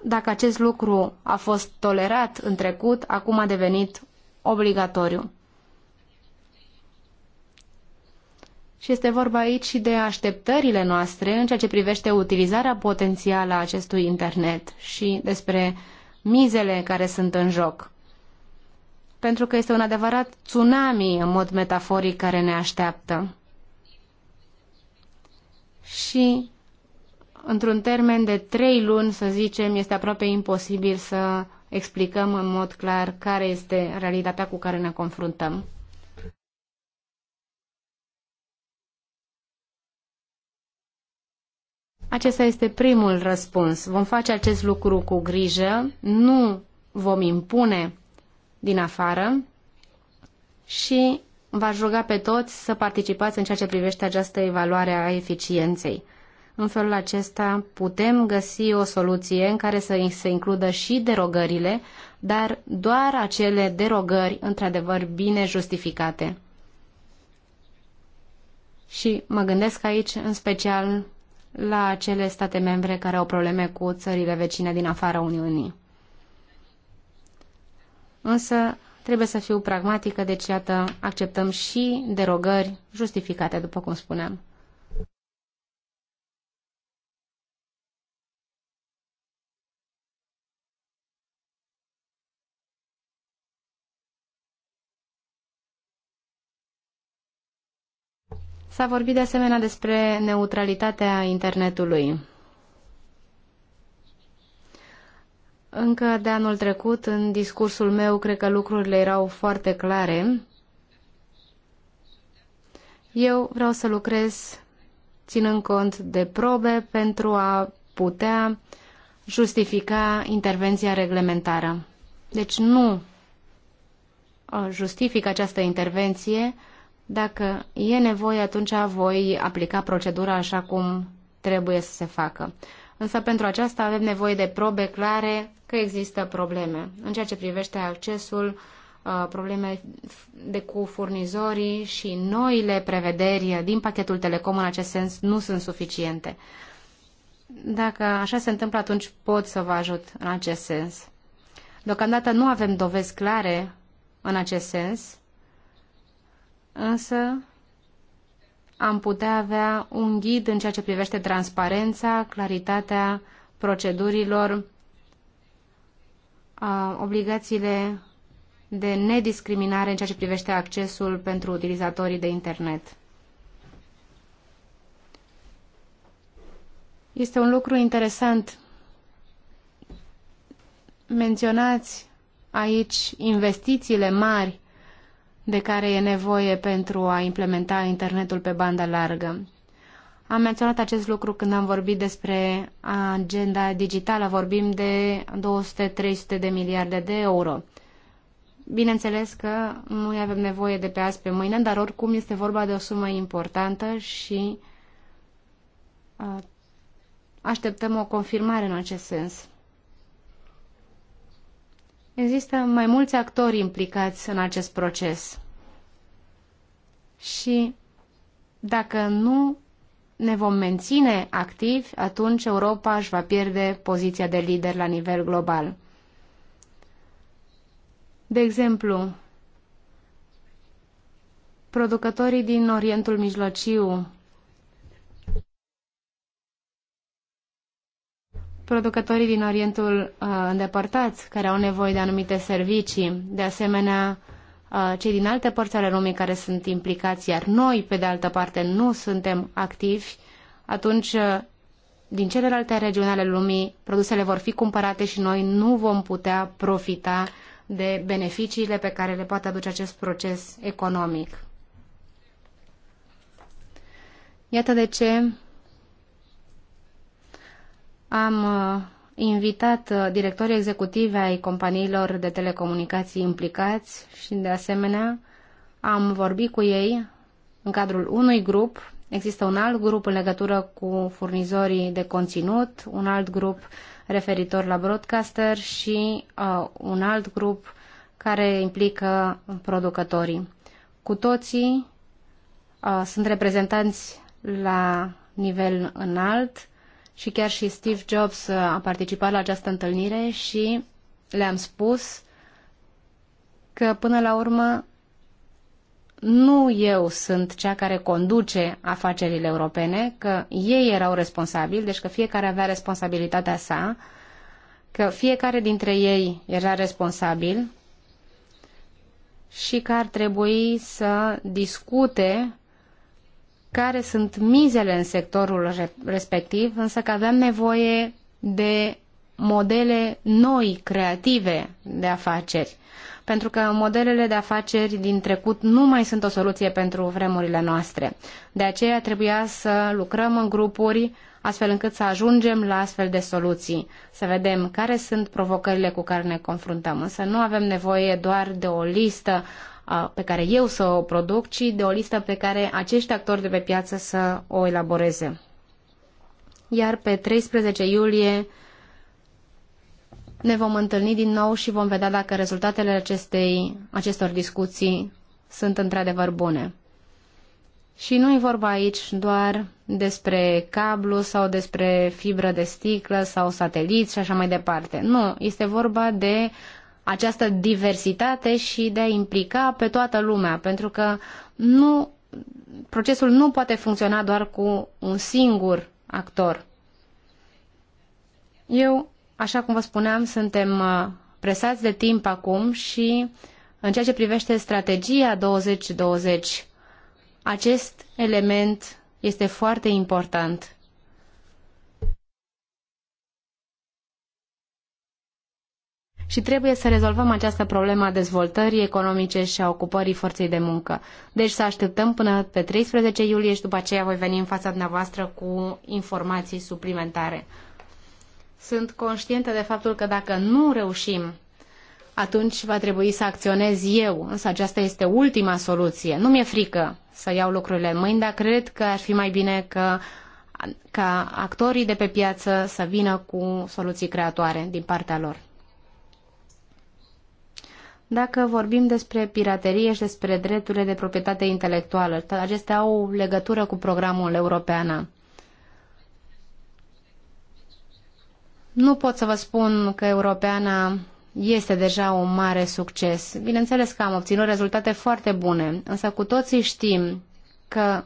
dacă acest lucru a fost tolerat în trecut, acum a devenit obligatoriu. Și este vorba aici și de așteptările noastre în ceea ce privește utilizarea potențială a acestui internet și despre mizele care sunt în joc. Pentru că este un adevărat tsunami, în mod metaforic, care ne așteaptă. Și, într-un termen de trei luni, să zicem, este aproape imposibil să explicăm în mod clar care este realitatea cu care ne confruntăm. Acesta este primul răspuns. Vom face acest lucru cu grijă, nu vom impune din afară și v-aș ruga pe toți să participați în ceea ce privește această evaluare a eficienței. În felul acesta putem găsi o soluție în care să se includă și derogările, dar doar acele derogări într-adevăr bine justificate. Și mă gândesc aici în special la cele state membre care au probleme cu țările vecine din afara Uniunii. Însă trebuie să fiu pragmatică, deci iată, acceptăm și derogări justificate, după cum spuneam. S-a vorbit de asemenea despre neutralitatea internetului. Încă de anul trecut, în discursul meu, cred că lucrurile erau foarte clare. Eu vreau să lucrez ținând cont de probe pentru a putea justifica intervenția reglementară. Deci nu uh, justific această intervenție dacă e nevoie, atunci voi aplica procedura așa cum trebuie să se facă. Însă pentru aceasta avem nevoie de probe clare că există probleme. În ceea ce privește accesul, uh, probleme de cu furnizorii și noile prevederi din pachetul telecom în acest sens nu sunt suficiente. Dacă așa se întâmplă, atunci pot să vă ajut în acest sens. Deocamdată nu avem dovezi clare în acest sens, însă am putea avea un ghid în ceea ce privește transparența, claritatea procedurilor, obligațiile de nediscriminare în ceea ce privește accesul pentru utilizatorii de internet. Este un lucru interesant. Menționați aici investițiile mari de care e nevoie pentru a implementa internetul pe bandă largă. Am menționat acest lucru când am vorbit despre agenda digitală, vorbim de 200-300 de miliarde de euro. Bineînțeles că nu avem nevoie de pe azi pe mâine, dar oricum este vorba de o sumă importantă și uh, așteptăm o confirmare în acest sens. Există mai mulți actori implicați în acest proces. Și dacă nu ne vom menține activi, atunci Europa își va pierde poziția de lider la nivel global. De exemplu, producătorii din Orientul Mijlociu producătorii din Orientul uh, îndepărtat, care au nevoie de anumite servicii, de asemenea uh, cei din alte părți ale lumii care sunt implicați, iar noi, pe de altă parte, nu suntem activi, atunci uh, din celelalte regiuni ale lumii produsele vor fi cumpărate și noi nu vom putea profita de beneficiile pe care le poate aduce acest proces economic. Iată de ce am uh, invitat uh, directorii executive ai companiilor de telecomunicații implicați și, de asemenea, am vorbit cu ei în cadrul unui grup. Există un alt grup în legătură cu furnizorii de conținut, un alt grup referitor la broadcaster și uh, un alt grup care implică producătorii. Cu toții uh, sunt reprezentanți la nivel înalt și chiar și Steve Jobs uh, a participat la această întâlnire și le-am spus că până la urmă nu eu sunt cea care conduce afacerile europene, că ei erau responsabili, deci că fiecare avea responsabilitatea sa, că fiecare dintre ei era responsabil și că ar trebui să discute care sunt mizele în sectorul respectiv, însă că avem nevoie de modele noi, creative de afaceri. Pentru că modelele de afaceri din trecut nu mai sunt o soluție pentru vremurile noastre. De aceea trebuia să lucrăm în grupuri astfel încât să ajungem la astfel de soluții, să vedem care sunt provocările cu care ne confruntăm. Însă nu avem nevoie doar de o listă pe care eu să o produc, ci de o listă pe care acești actori de pe piață să o elaboreze. Iar pe 13 iulie ne vom întâlni din nou și vom vedea dacă rezultatele acestei, acestor discuții sunt într-adevăr bune. Și nu e vorba aici doar despre cablu sau despre fibră de sticlă sau sateliți și așa mai departe. Nu, este vorba de această diversitate și de a implica pe toată lumea, pentru că nu, procesul nu poate funcționa doar cu un singur actor. Eu, așa cum vă spuneam, suntem uh, presați de timp acum și în ceea ce privește strategia 2020, acest element este foarte important. și trebuie să rezolvăm această problemă a dezvoltării economice și a ocupării forței de muncă. Deci să așteptăm până pe 13 iulie și după aceea voi veni în fața dumneavoastră cu informații suplimentare. Sunt conștientă de faptul că dacă nu reușim, atunci va trebui să acționez eu, însă aceasta este ultima soluție. Nu mi-e frică să iau lucrurile în mâini, dar cred că ar fi mai bine că ca actorii de pe piață să vină cu soluții creatoare din partea lor. Dacă vorbim despre piraterie și despre drepturile de proprietate intelectuală, acestea au legătură cu programul european. Nu pot să vă spun că europeana este deja un mare succes. Bineînțeles că am obținut rezultate foarte bune, însă cu toții știm că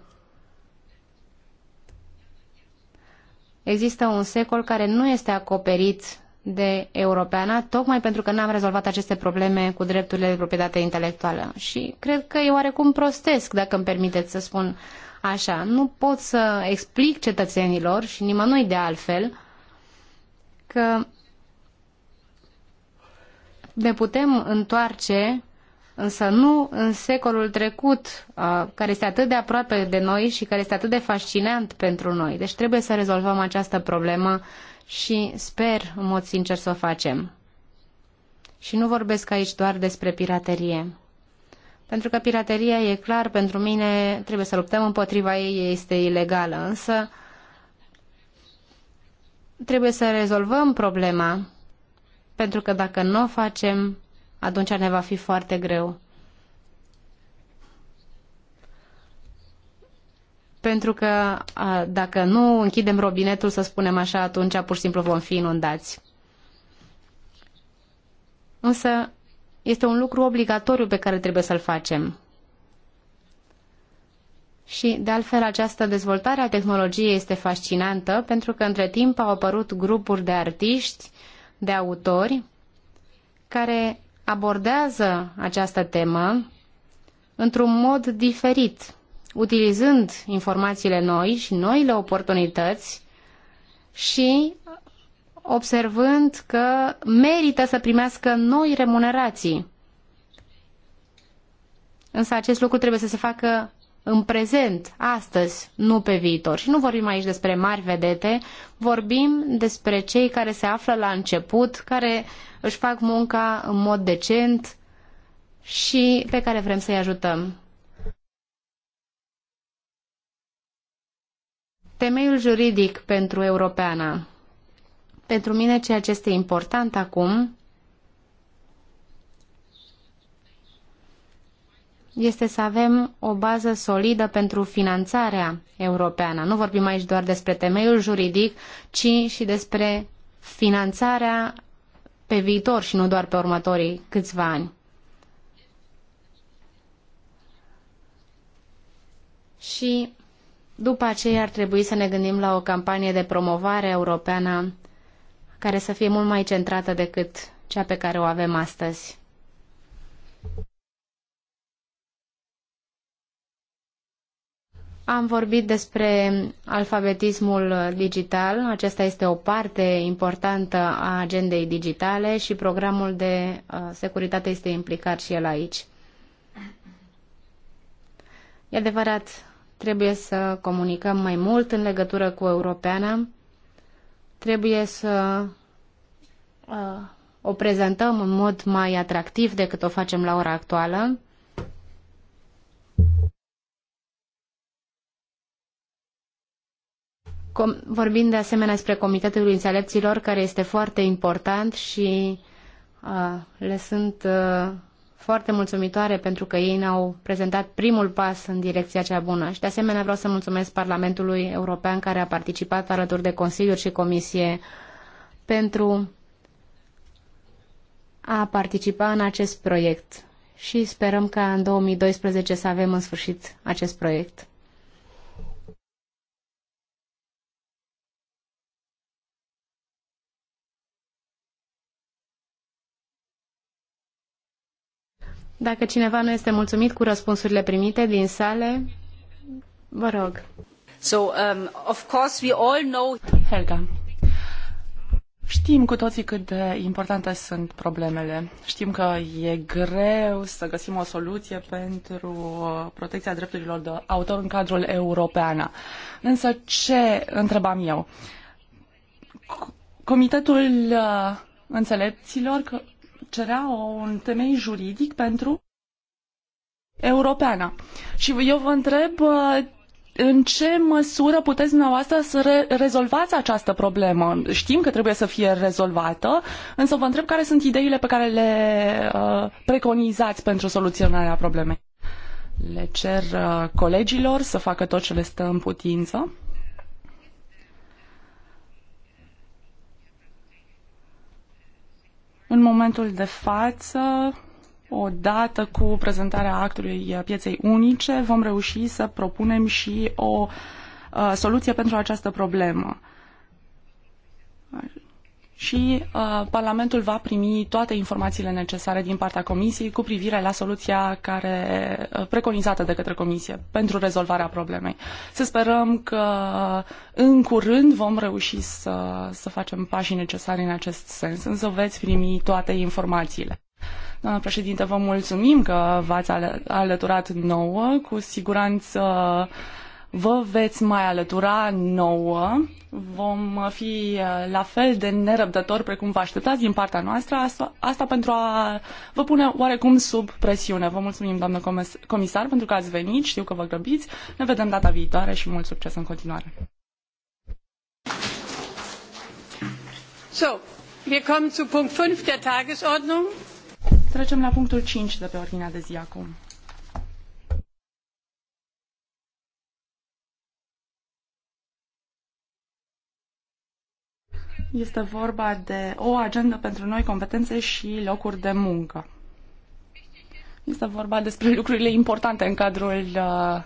există un secol care nu este acoperit de europeană, tocmai pentru că n-am rezolvat aceste probleme cu drepturile de proprietate intelectuală. Și cred că e oarecum prostesc, dacă îmi permiteți să spun așa. Nu pot să explic cetățenilor și nimănui de altfel că ne putem întoarce, însă nu în secolul trecut, uh, care este atât de aproape de noi și care este atât de fascinant pentru noi. Deci trebuie să rezolvăm această problemă și sper în mod sincer să o facem. Și nu vorbesc aici doar despre piraterie. Pentru că pirateria e clar, pentru mine trebuie să luptăm împotriva ei, este ilegală, însă trebuie să rezolvăm problema, pentru că dacă nu o facem, atunci ne va fi foarte greu. pentru că dacă nu închidem robinetul, să spunem așa, atunci pur și simplu vom fi inundați. Însă este un lucru obligatoriu pe care trebuie să-l facem. Și, de altfel, această dezvoltare a tehnologiei este fascinantă pentru că, între timp, au apărut grupuri de artiști, de autori, care abordează această temă într-un mod diferit utilizând informațiile noi și noile oportunități și observând că merită să primească noi remunerații. Însă acest lucru trebuie să se facă în prezent, astăzi, nu pe viitor. Și nu vorbim aici despre mari vedete, vorbim despre cei care se află la început, care își fac munca în mod decent și pe care vrem să-i ajutăm. Temeiul juridic pentru europeană. Pentru mine ceea ce este important acum este să avem o bază solidă pentru finanțarea europeană. Nu vorbim aici doar despre temeiul juridic, ci și despre finanțarea pe viitor și nu doar pe următorii câțiva ani. Și după aceea ar trebui să ne gândim la o campanie de promovare europeană care să fie mult mai centrată decât cea pe care o avem astăzi. Am vorbit despre alfabetismul digital. Aceasta este o parte importantă a agendei digitale și programul de uh, securitate este implicat și el aici. E adevărat, Trebuie să comunicăm mai mult în legătură cu europeana. Trebuie să uh, o prezentăm în mod mai atractiv decât o facem la ora actuală. Com vorbim de asemenea despre Comitetul Înțelepților, care este foarte important și uh, le sunt uh, foarte mulțumitoare pentru că ei ne-au prezentat primul pas în direcția cea bună și de asemenea vreau să mulțumesc Parlamentului European care a participat alături de Consiliu și Comisie pentru a participa în acest proiect și sperăm ca în 2012 să avem în sfârșit acest proiect. Dacă cineva nu este mulțumit cu răspunsurile primite din sale, vă rog. So, um, of course we all know... Helga. Știm cu toții cât de importante sunt problemele. Știm că e greu să găsim o soluție pentru protecția drepturilor de autor în cadrul european. Însă ce întrebam eu? Comitetul uh, înțelepților cerea un temei juridic pentru europeană. Și eu vă întreb uh, în ce măsură puteți dumneavoastră să re- rezolvați această problemă? Știm că trebuie să fie rezolvată, însă vă întreb care sunt ideile pe care le uh, preconizați pentru soluționarea problemei. Le cer uh, colegilor să facă tot ce le stă în putință. În momentul de față, odată cu prezentarea actului pieței unice, vom reuși să propunem și o uh, soluție pentru această problemă și uh, Parlamentul va primi toate informațiile necesare din partea Comisiei cu privire la soluția care uh, preconizată de către Comisie pentru rezolvarea problemei. Să sperăm că în curând vom reuși să, să facem pașii necesari în acest sens, însă veți primi toate informațiile. Doamna președinte, vă mulțumim că v-ați alăturat nouă. Cu siguranță uh, vă veți mai alătura nouă. Vom fi uh, la fel de nerăbdători precum vă așteptați din partea noastră, asta, asta pentru a vă pune oarecum sub presiune. Vă mulțumim, doamnă comisar, pentru că ați venit, știu că vă grăbiți. Ne vedem data viitoare și mult succes în continuare. So, wir kommen zu Punkt 5 der Tagesordnung. Trecem la punctul 5 de pe ordinea de zi acum. Este vorba de o agendă pentru noi competențe și locuri de muncă. Este vorba despre lucrurile importante în cadrul uh,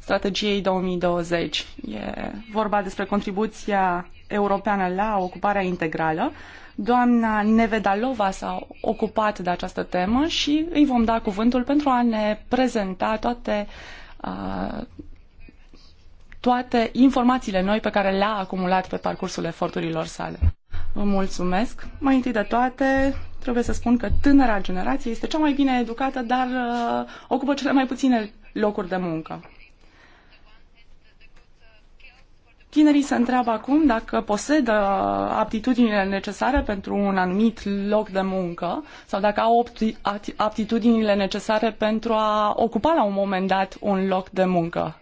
strategiei 2020. E vorba despre contribuția europeană la ocuparea integrală. Doamna Nevedalova s-a ocupat de această temă și îi vom da cuvântul pentru a ne prezenta toate uh, toate informațiile noi pe care le-a acumulat pe parcursul eforturilor sale. Vă mulțumesc. Mai întâi de toate, trebuie să spun că tânăra generație este cea mai bine educată, dar uh, ocupă cele mai puține locuri de muncă. Tinerii se întreabă acum dacă posedă uh, aptitudinile necesare pentru un anumit loc de muncă sau dacă au aptitudinile necesare pentru a ocupa la un moment dat un loc de muncă.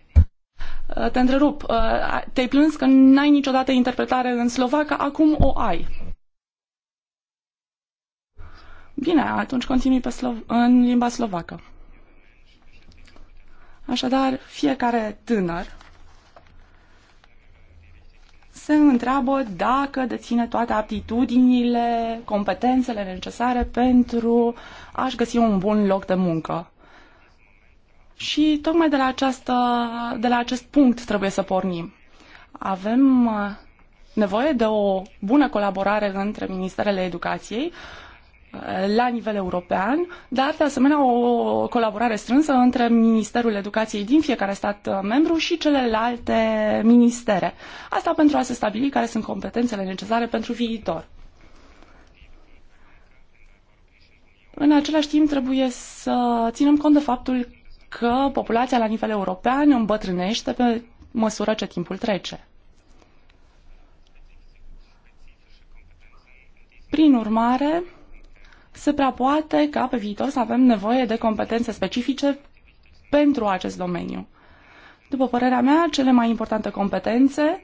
Uh, te întrerup. Uh, te-ai plâns că n-ai niciodată interpretare în slovacă, acum o ai. Bine, atunci continui pe slo- în limba slovacă. Așadar, fiecare tânăr se întreabă dacă deține toate aptitudinile, competențele necesare pentru a-și găsi un bun loc de muncă. Și tocmai de la, această, de la acest punct trebuie să pornim. Avem uh, nevoie de o bună colaborare între Ministerele Educației uh, la nivel european, dar de asemenea o colaborare strânsă între Ministerul Educației din fiecare stat uh, membru și celelalte ministere. Asta pentru a se stabili care sunt competențele necesare pentru viitor. În același timp trebuie să ținem cont de faptul că populația la nivel european îmbătrânește pe măsură ce timpul trece. Prin urmare, se prea poate ca pe viitor să avem nevoie de competențe specifice pentru acest domeniu. După părerea mea, cele mai importante competențe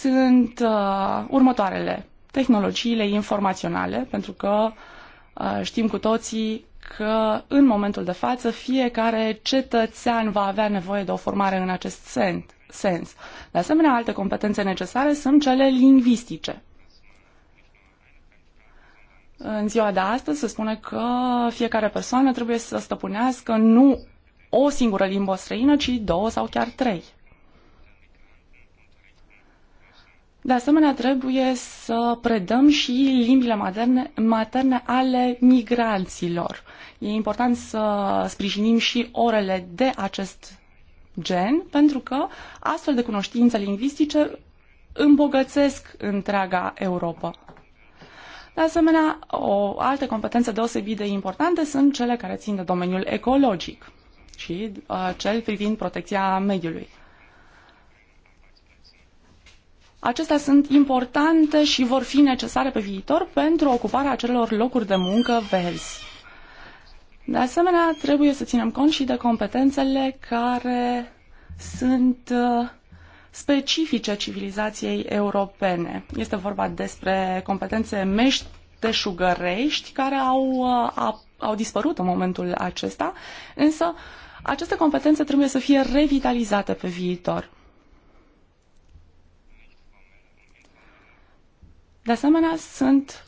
sunt uh, următoarele. Tehnologiile informaționale, pentru că uh, știm cu toții că în momentul de față fiecare cetățean va avea nevoie de o formare în acest sens. De asemenea, alte competențe necesare sunt cele lingvistice. În ziua de astăzi se spune că fiecare persoană trebuie să stăpânească nu o singură limbă străină, ci două sau chiar trei. De asemenea, trebuie să predăm și limbile materne, materne ale migranților. E important să sprijinim și orele de acest gen, pentru că astfel de cunoștințe lingvistice îmbogățesc întreaga Europa. De asemenea, o alte competențe deosebit de importante sunt cele care țin de domeniul ecologic și uh, cel privind protecția mediului. Acestea sunt importante și vor fi necesare pe viitor pentru ocuparea acelor locuri de muncă verzi. De asemenea, trebuie să ținem cont și de competențele care sunt uh, specifice civilizației europene. Este vorba despre competențe meșteșugărești care au, uh, au dispărut în momentul acesta, însă aceste competențe trebuie să fie revitalizate pe viitor. De asemenea, sunt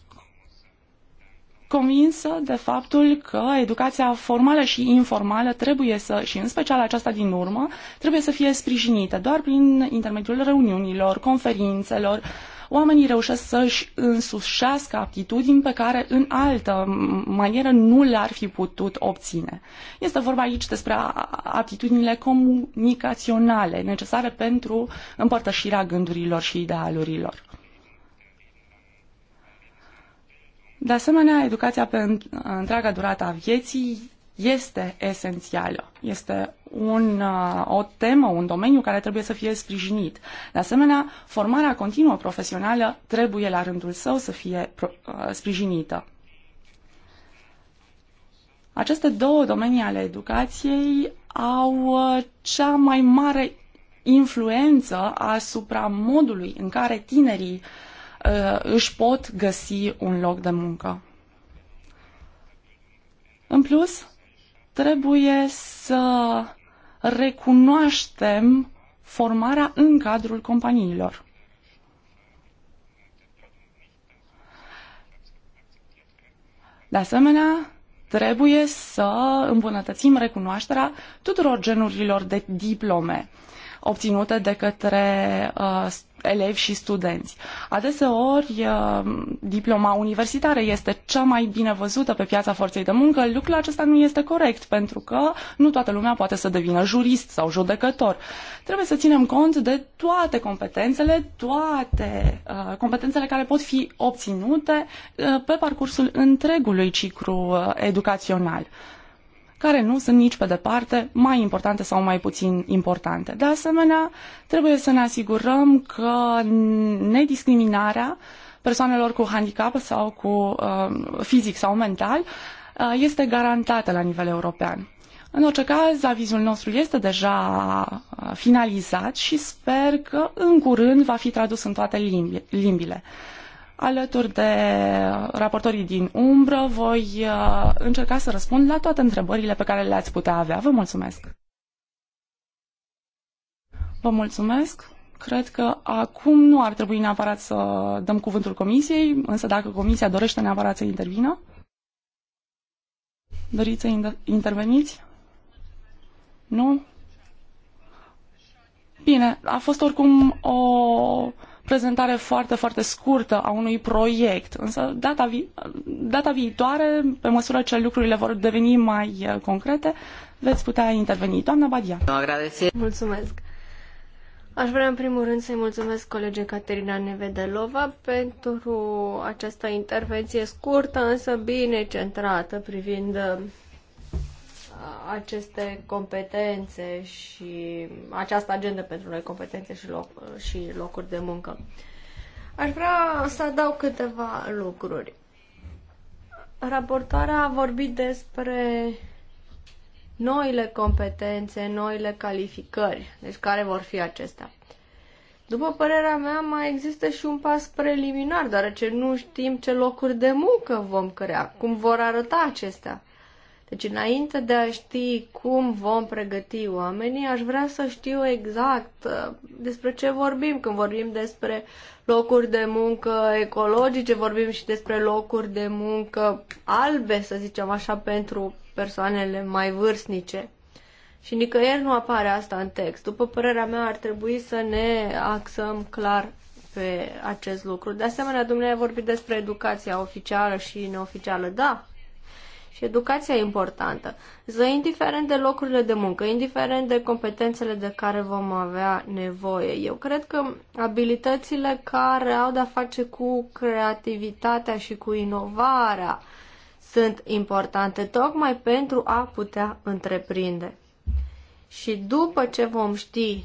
convinsă de faptul că educația formală și informală trebuie să, și în special aceasta din urmă, trebuie să fie sprijinită doar prin intermediul reuniunilor, conferințelor, oamenii reușesc să-și însușească aptitudini pe care în altă manieră nu le-ar fi putut obține. Este vorba aici despre aptitudinile comunicaționale necesare pentru împărtășirea gândurilor și idealurilor. De asemenea, educația pe întreaga durată a vieții este esențială. Este un, uh, o temă, un domeniu care trebuie să fie sprijinit. De asemenea, formarea continuă profesională trebuie la rândul său să fie uh, sprijinită. Aceste două domenii ale educației au uh, cea mai mare influență asupra modului în care tinerii uh, Uh, își pot găsi un loc de muncă. În plus, trebuie să recunoaștem formarea în cadrul companiilor. De asemenea, trebuie să îmbunătățim recunoașterea tuturor genurilor de diplome obținute de către uh, elevi și studenți. Adeseori, uh, diploma universitară este cea mai bine văzută pe piața forței de muncă. Lucrul acesta nu este corect, pentru că nu toată lumea poate să devină jurist sau judecător. Trebuie să ținem cont de toate competențele, toate uh, competențele care pot fi obținute uh, pe parcursul întregului ciclu uh, educațional care nu sunt nici pe departe mai importante sau mai puțin importante. De asemenea, trebuie să ne asigurăm că nediscriminarea persoanelor cu handicap sau cu uh, fizic sau mental uh, este garantată la nivel european. În orice caz, avizul nostru este deja uh, finalizat și sper că în curând va fi tradus în toate limbile. Alături de raportorii din umbră, voi uh, încerca să răspund la toate întrebările pe care le-ați putea avea. Vă mulțumesc! Vă mulțumesc! Cred că acum nu ar trebui neapărat să dăm cuvântul comisiei, însă dacă comisia dorește neapărat să intervină, doriți să interveniți? Nu? Bine, a fost oricum o prezentare foarte, foarte scurtă a unui proiect. Însă data, vi- data viitoare, pe măsură ce lucrurile vor deveni mai uh, concrete, veți putea interveni. Doamna Badia. Mulțumesc. Aș vrea în primul rând să-i mulțumesc colegei Caterina Nevedelova pentru această intervenție scurtă, însă bine centrată privind uh, aceste competențe și această agendă pentru noi competențe și, loc, și locuri de muncă. Aș vrea să adaug câteva lucruri. Raportoarea a vorbit despre noile competențe, noile calificări. Deci care vor fi acestea? După părerea mea, mai există și un pas preliminar, deoarece nu știm ce locuri de muncă vom crea, cum vor arăta acestea. Deci, înainte de a ști cum vom pregăti oamenii, aș vrea să știu exact uh, despre ce vorbim când vorbim despre locuri de muncă ecologice, vorbim și despre locuri de muncă albe, să zicem așa, pentru persoanele mai vârstnice. Și nicăieri nu apare asta în text. După părerea mea, ar trebui să ne axăm clar pe acest lucru. De asemenea, dumneavoastră vorbit despre educația oficială și neoficială. Da, și educația e importantă. Ză, indiferent de locurile de muncă, indiferent de competențele de care vom avea nevoie, eu cred că abilitățile care au de-a face cu creativitatea și cu inovarea sunt importante tocmai pentru a putea întreprinde. Și după ce vom ști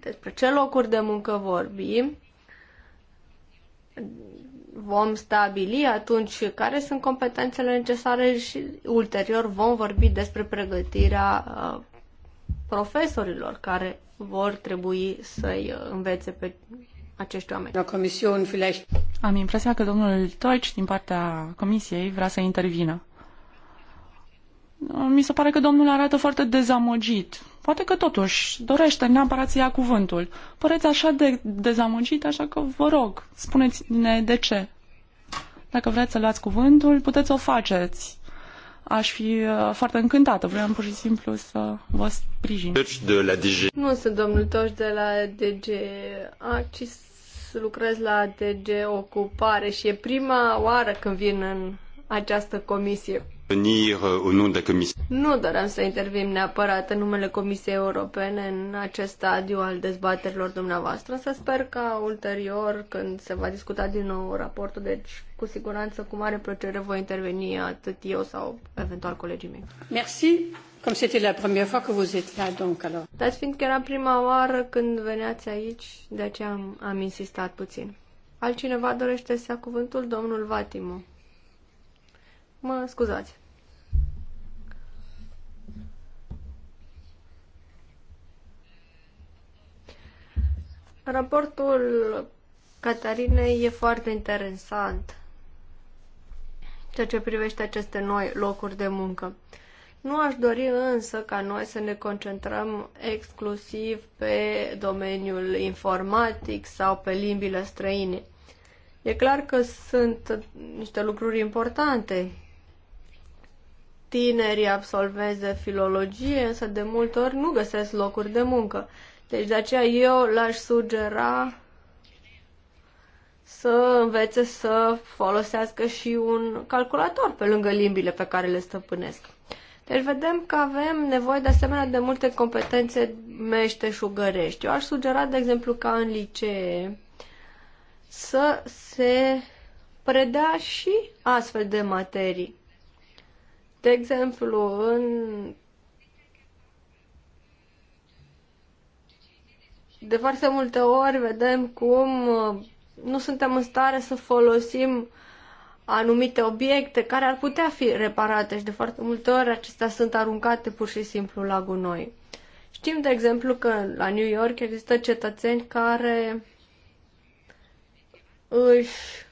despre ce locuri de muncă vorbim, vom stabili atunci care sunt competențele necesare și ulterior vom vorbi despre pregătirea uh, profesorilor care vor trebui să-i uh, învețe pe acești oameni. La comisiune, vielleicht. Am impresia că domnul Toici din partea comisiei vrea să intervină. Mi se pare că domnul arată foarte dezamăgit. Poate că totuși dorește neapărat să ia cuvântul. Păreți așa de dezamăgit, așa că vă rog, spuneți-ne de ce. Dacă vreți să luați cuvântul, puteți să o faceți. Aș fi uh, foarte încântată, vreau pur și simplu să vă sprijin. De la DG. Nu sunt domnul Toș de la DG Accis, lucrez la DG Ocupare și e prima oară când vin în această comisie. Euh, nu doream să intervim neapărat în numele Comisiei Europene în acest stadiu al dezbaterilor dumneavoastră, să sper ca ulterior, când se va discuta din nou raportul, deci cu siguranță, cu mare plăcere, voi interveni atât eu sau eventual colegii mei. Merci. Cum c'était la première fois que vous là, donc, alors. Dar fiindcă era prima oară când veneați aici, de aceea am, am insistat puțin. Altcineva dorește să ia cuvântul? Domnul Vatimo. Mă scuzați. Raportul Catarinei e foarte interesant ceea ce privește aceste noi locuri de muncă. Nu aș dori însă ca noi să ne concentrăm exclusiv pe domeniul informatic sau pe limbile străine. E clar că sunt niște lucruri importante. Tinerii absolvenți de filologie, însă de multe ori nu găsesc locuri de muncă. Deci de aceea eu l-aș sugera să învețe să folosească și un calculator pe lângă limbile pe care le stăpânesc. Deci vedem că avem nevoie de asemenea de multe competențe meșteșugărești. Eu aș sugera, de exemplu, ca în licee să se predea și astfel de materii. De exemplu, în de foarte multe ori vedem cum uh, nu suntem în stare să folosim anumite obiecte care ar putea fi reparate și de foarte multe ori acestea sunt aruncate pur și simplu la gunoi. Știm, de exemplu, că la New York există cetățeni care își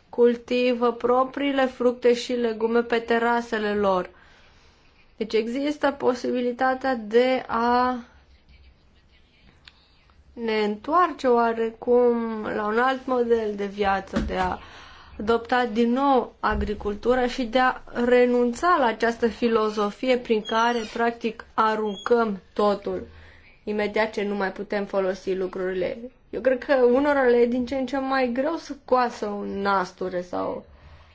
cultivă propriile fructe și legume pe terasele lor. Deci există posibilitatea de a ne întoarce oarecum la un alt model de viață, de a adopta din nou agricultura și de a renunța la această filozofie prin care, practic, aruncăm totul imediat ce nu mai putem folosi lucrurile. Eu cred că unora le e din ce în ce mai greu să coasă un nasture sau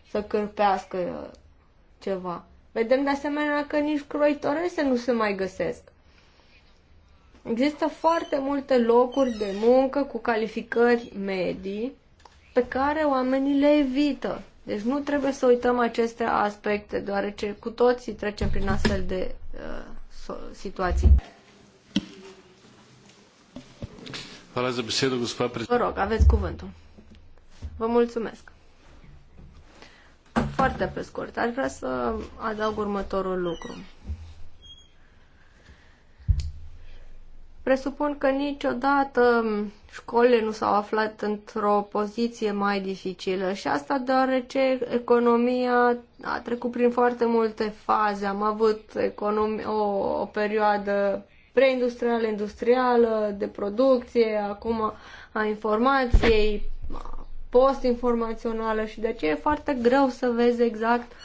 să cârpească ceva. Vedem de asemenea că nici croitorese nu se mai găsesc. Există foarte multe locuri de muncă cu calificări medii pe care oamenii le evită. Deci nu trebuie să uităm aceste aspecte, deoarece cu toții trecem prin astfel de uh, situații. Vă rog, aveți cuvântul. Vă mulțumesc. Foarte pe scurt, aș vrea să adaug următorul lucru. Presupun că niciodată școlile nu s-au aflat într-o poziție mai dificilă și asta deoarece economia a trecut prin foarte multe faze. Am avut economi- o, o perioadă preindustrială, industrială, de producție, acum a informației, post-informațională și de aceea e foarte greu să vezi exact uh,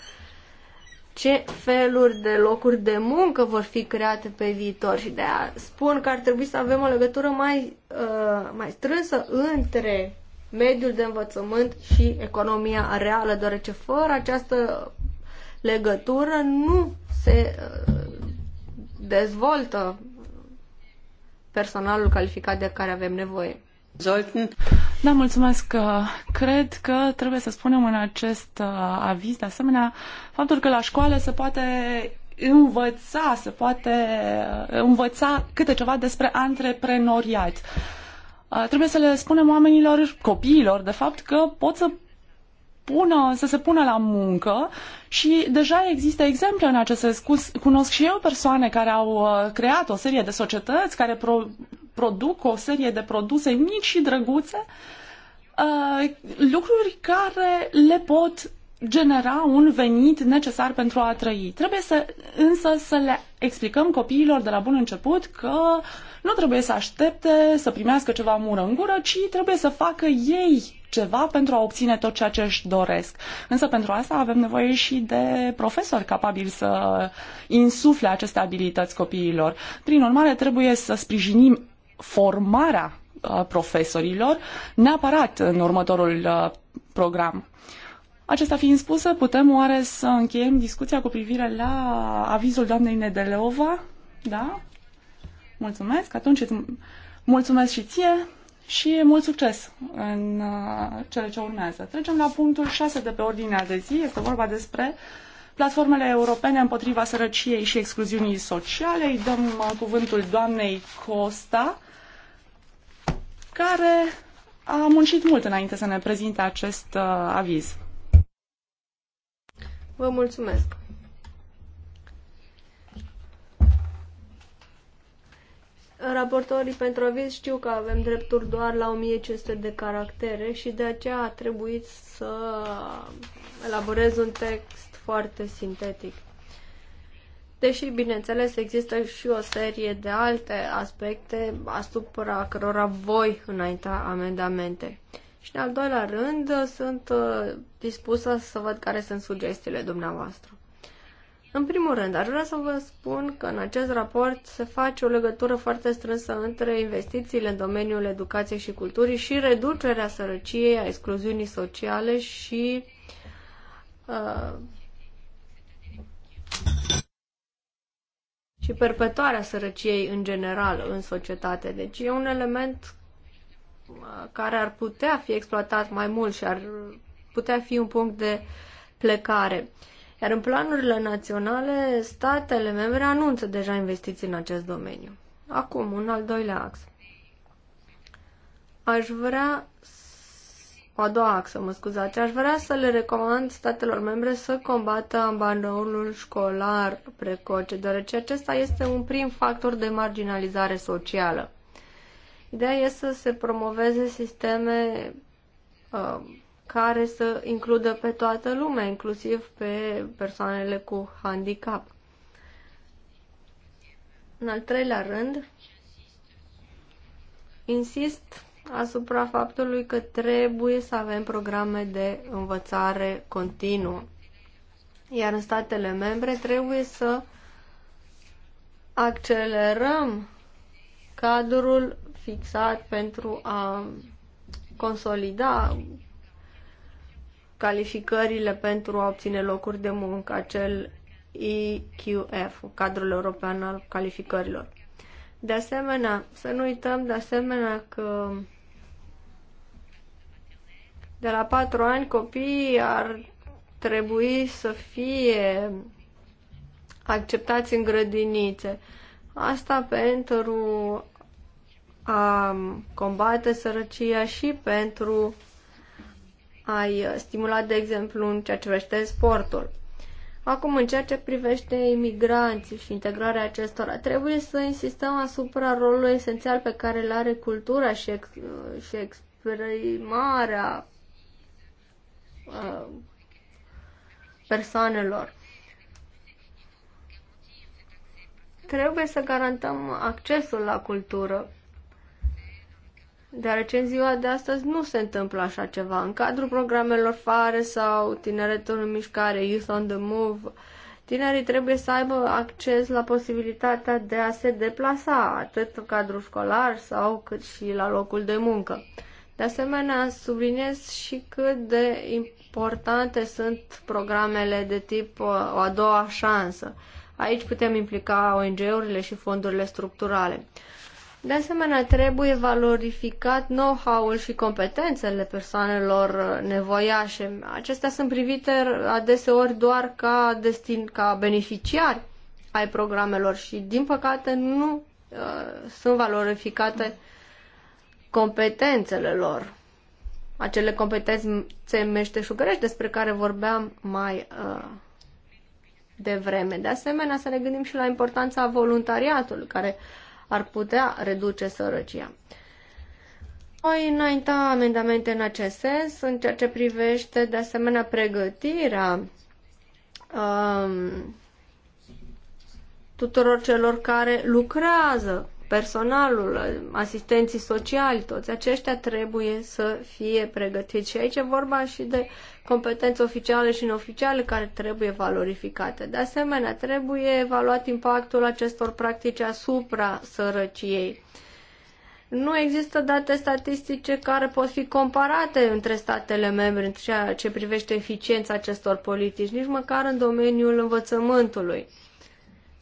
ce feluri de locuri de muncă vor fi create pe viitor și de a spun că ar trebui să avem o legătură mai, uh, mai strânsă între mediul de învățământ și economia reală, deoarece fără această legătură nu se uh, dezvoltă personalul calificat de care avem nevoie. Da, mulțumesc. Cred că trebuie să spunem în acest uh, aviz, de asemenea, faptul că la școală se poate învăța, se poate uh, învăța câte ceva despre antreprenoriat. Uh, trebuie să le spunem oamenilor, copiilor, de fapt, că pot să pună, să se pună la muncă și deja există exemple în acest sens. Cunosc și eu persoane care au creat o serie de societăți care pro- produc o serie de produse mici și drăguțe, uh, lucruri care le pot genera un venit necesar pentru a trăi. Trebuie să, însă să le explicăm copiilor de la bun început că nu trebuie să aștepte să primească ceva mură în gură, ci trebuie să facă ei ceva pentru a obține tot ceea ce își doresc. Însă pentru asta avem nevoie și de profesori capabili să insufle aceste abilități copiilor. Prin urmare, trebuie să sprijinim formarea uh, profesorilor neapărat în următorul uh, program. Acesta fiind spusă, putem oare să încheiem discuția cu privire la avizul doamnei Nedelova? Da? Mulțumesc. Atunci îți mulțumesc și ție și mult succes în uh, cele ce urmează. Trecem la punctul 6 de pe ordinea de zi. Este vorba despre platformele europene împotriva sărăciei și excluziunii sociale. Îi dăm cuvântul doamnei Costa care a muncit mult înainte să ne prezinte acest uh, aviz. Vă mulțumesc! Raportorii pentru aviz știu că avem drepturi doar la 1500 de caractere și de aceea a trebuit să elaborez un text foarte sintetic. Deși, bineînțeles, există și o serie de alte aspecte asupra cărora voi înainta amendamente. Și, în al doilea rând, sunt uh, dispusă să văd care sunt sugestiile dumneavoastră. În primul rând, aș vrea să vă spun că în acest raport se face o legătură foarte strânsă între investițiile în domeniul educației și culturii și reducerea sărăciei, a excluziunii sociale și uh, și perpetuarea sărăciei în general în societate. Deci e un element uh, care ar putea fi exploatat mai mult și ar putea fi un punct de plecare. Iar în planurile naționale, statele membre anunță deja investiții în acest domeniu. Acum, un al doilea ax. Aș vrea o a doua axă, mă scuzați, aș vrea să le recomand statelor membre să combată abandonul școlar precoce, deoarece acesta este un prim factor de marginalizare socială. Ideea este să se promoveze sisteme uh, care să includă pe toată lumea, inclusiv pe persoanele cu handicap. În al treilea rând, insist asupra faptului că trebuie să avem programe de învățare continuă. Iar în statele membre trebuie să accelerăm cadrul fixat pentru a consolida calificările pentru a obține locuri de muncă, acel EQF, cadrul european al calificărilor. De asemenea, să nu uităm de asemenea că de la patru ani copiii ar trebui să fie acceptați în grădinițe. Asta pentru a combate sărăcia și pentru a-i stimula, de exemplu, în ceea ce privește sportul. Acum, în ceea ce privește imigranții și integrarea acestora, trebuie să insistăm asupra rolului esențial pe care îl are cultura și, ex- și exprimarea Uh, persoanelor. Trebuie să garantăm accesul la cultură, deoarece în ziua de astăzi nu se întâmplă așa ceva. În cadrul programelor FARE sau Tineretul în Mișcare, Youth on the Move, tinerii trebuie să aibă acces la posibilitatea de a se deplasa, atât în cadrul școlar sau cât și la locul de muncă. De asemenea, subliniez și cât de importante sunt programele de tip uh, o a doua șansă. Aici putem implica ONG-urile și fondurile structurale. De asemenea, trebuie valorificat know-how-ul și competențele persoanelor uh, nevoiașe. Acestea sunt privite uh, adeseori doar ca, destin, ca beneficiari ai programelor și, din păcate, nu uh, sunt valorificate competențele lor acele competențe meșteșugărești despre care vorbeam mai uh, devreme. De asemenea, să ne gândim și la importanța voluntariatului, care ar putea reduce sărăcia. Voi înainta amendamente în acest sens, în ceea ce privește, de asemenea, pregătirea um, tuturor celor care lucrează personalul, asistenții sociali, toți aceștia trebuie să fie pregătiți. Și aici e vorba și de competențe oficiale și neoficiale care trebuie valorificate. De asemenea, trebuie evaluat impactul acestor practici asupra sărăciei. Nu există date statistice care pot fi comparate între statele membre în ceea ce privește eficiența acestor politici, nici măcar în domeniul învățământului.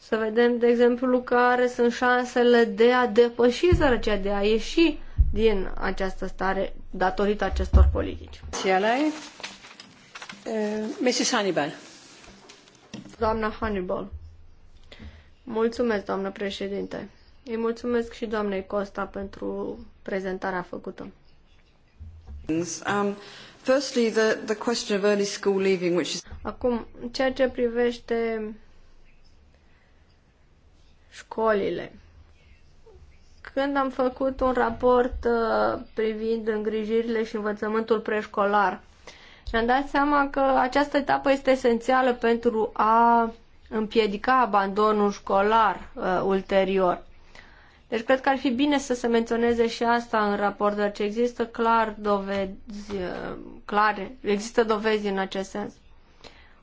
Să vedem, de exemplu, care sunt șansele de a depăși sărăcia, de a ieși din această stare datorită acestor politici. Eh, Mrs. Hannibal. Doamna Hannibal. Mulțumesc, doamnă președinte. Îi mulțumesc și doamnei Costa pentru prezentarea făcută. Um, firstly, the, the question of early school leaving, which is... Acum, ceea ce privește școlile. Când am făcut un raport uh, privind îngrijirile și învățământul preșcolar, mi-am dat seama că această etapă este esențială pentru a împiedica abandonul școlar uh, ulterior. Deci cred că ar fi bine să se menționeze și asta în raport, deoarece există clar dovezi, uh, clare, există dovezi în acest sens.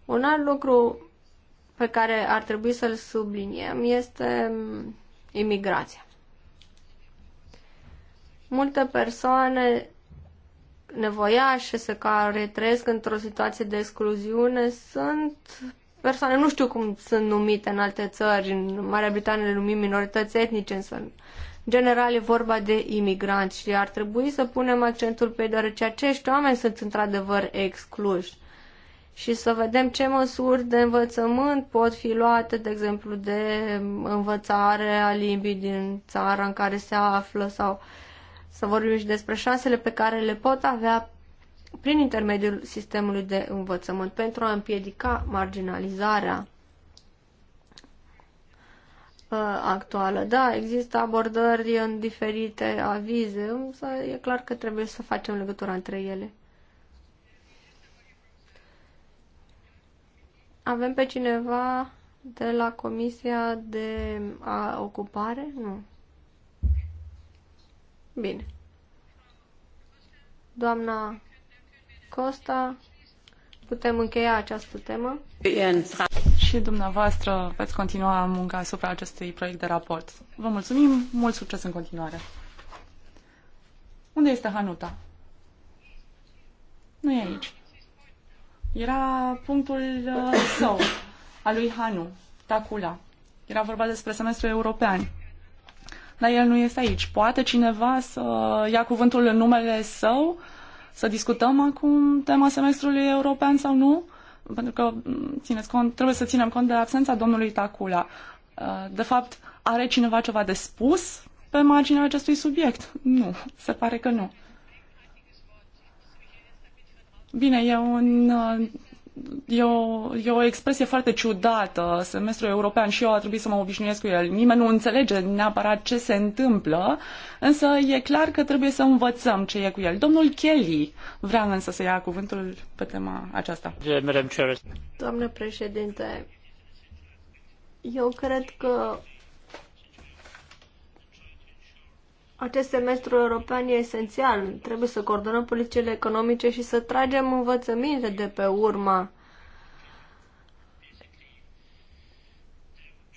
Un alt lucru pe care ar trebui să-l subliniem este imigrația. Multe persoane nevoiașe se care trăiesc într-o situație de excluziune sunt persoane, nu știu cum sunt numite în alte țări, în Marea Britanie le numim minorități etnice, însă în general e vorba de imigranți și ar trebui să punem accentul pe deoarece acești oameni sunt într-adevăr excluși și să vedem ce măsuri de învățământ pot fi luate, de exemplu, de învățare a limbii din țara în care se află sau să vorbim și despre șansele pe care le pot avea prin intermediul sistemului de învățământ pentru a împiedica marginalizarea uh, actuală. Da, există abordări în diferite avize, însă e clar că trebuie să facem legătura între ele. Avem pe cineva de la Comisia de a Ocupare? Nu. Bine. Doamna Costa, putem încheia această temă. Și dumneavoastră veți continua munca asupra acestui proiect de raport. Vă mulțumim, mult succes în continuare. Unde este Hanuta? Nu e aici. Era punctul uh, său, al lui Hanu, Tacula. Era vorba despre semestrul european. Dar el nu este aici. Poate cineva să ia cuvântul în numele său? Să discutăm acum tema semestrului european sau nu? Pentru că mm, țineți cont, trebuie să ținem cont de absența domnului Tacula. Uh, de fapt, are cineva ceva de spus pe marginea acestui subiect? Nu, se pare că nu. Bine, e un uh, e o, e o expresie foarte ciudată, semestrul european și eu a trebuit să mă obișnuiesc cu el. Nimeni nu înțelege neapărat ce se întâmplă, însă e clar că trebuie să învățăm ce e cu el. Domnul Kelly vrea însă să ia cuvântul pe tema aceasta. Doamnă președinte, eu cred că Acest semestru european e esențial. Trebuie să coordonăm politicile economice și să tragem învățăminte de pe urma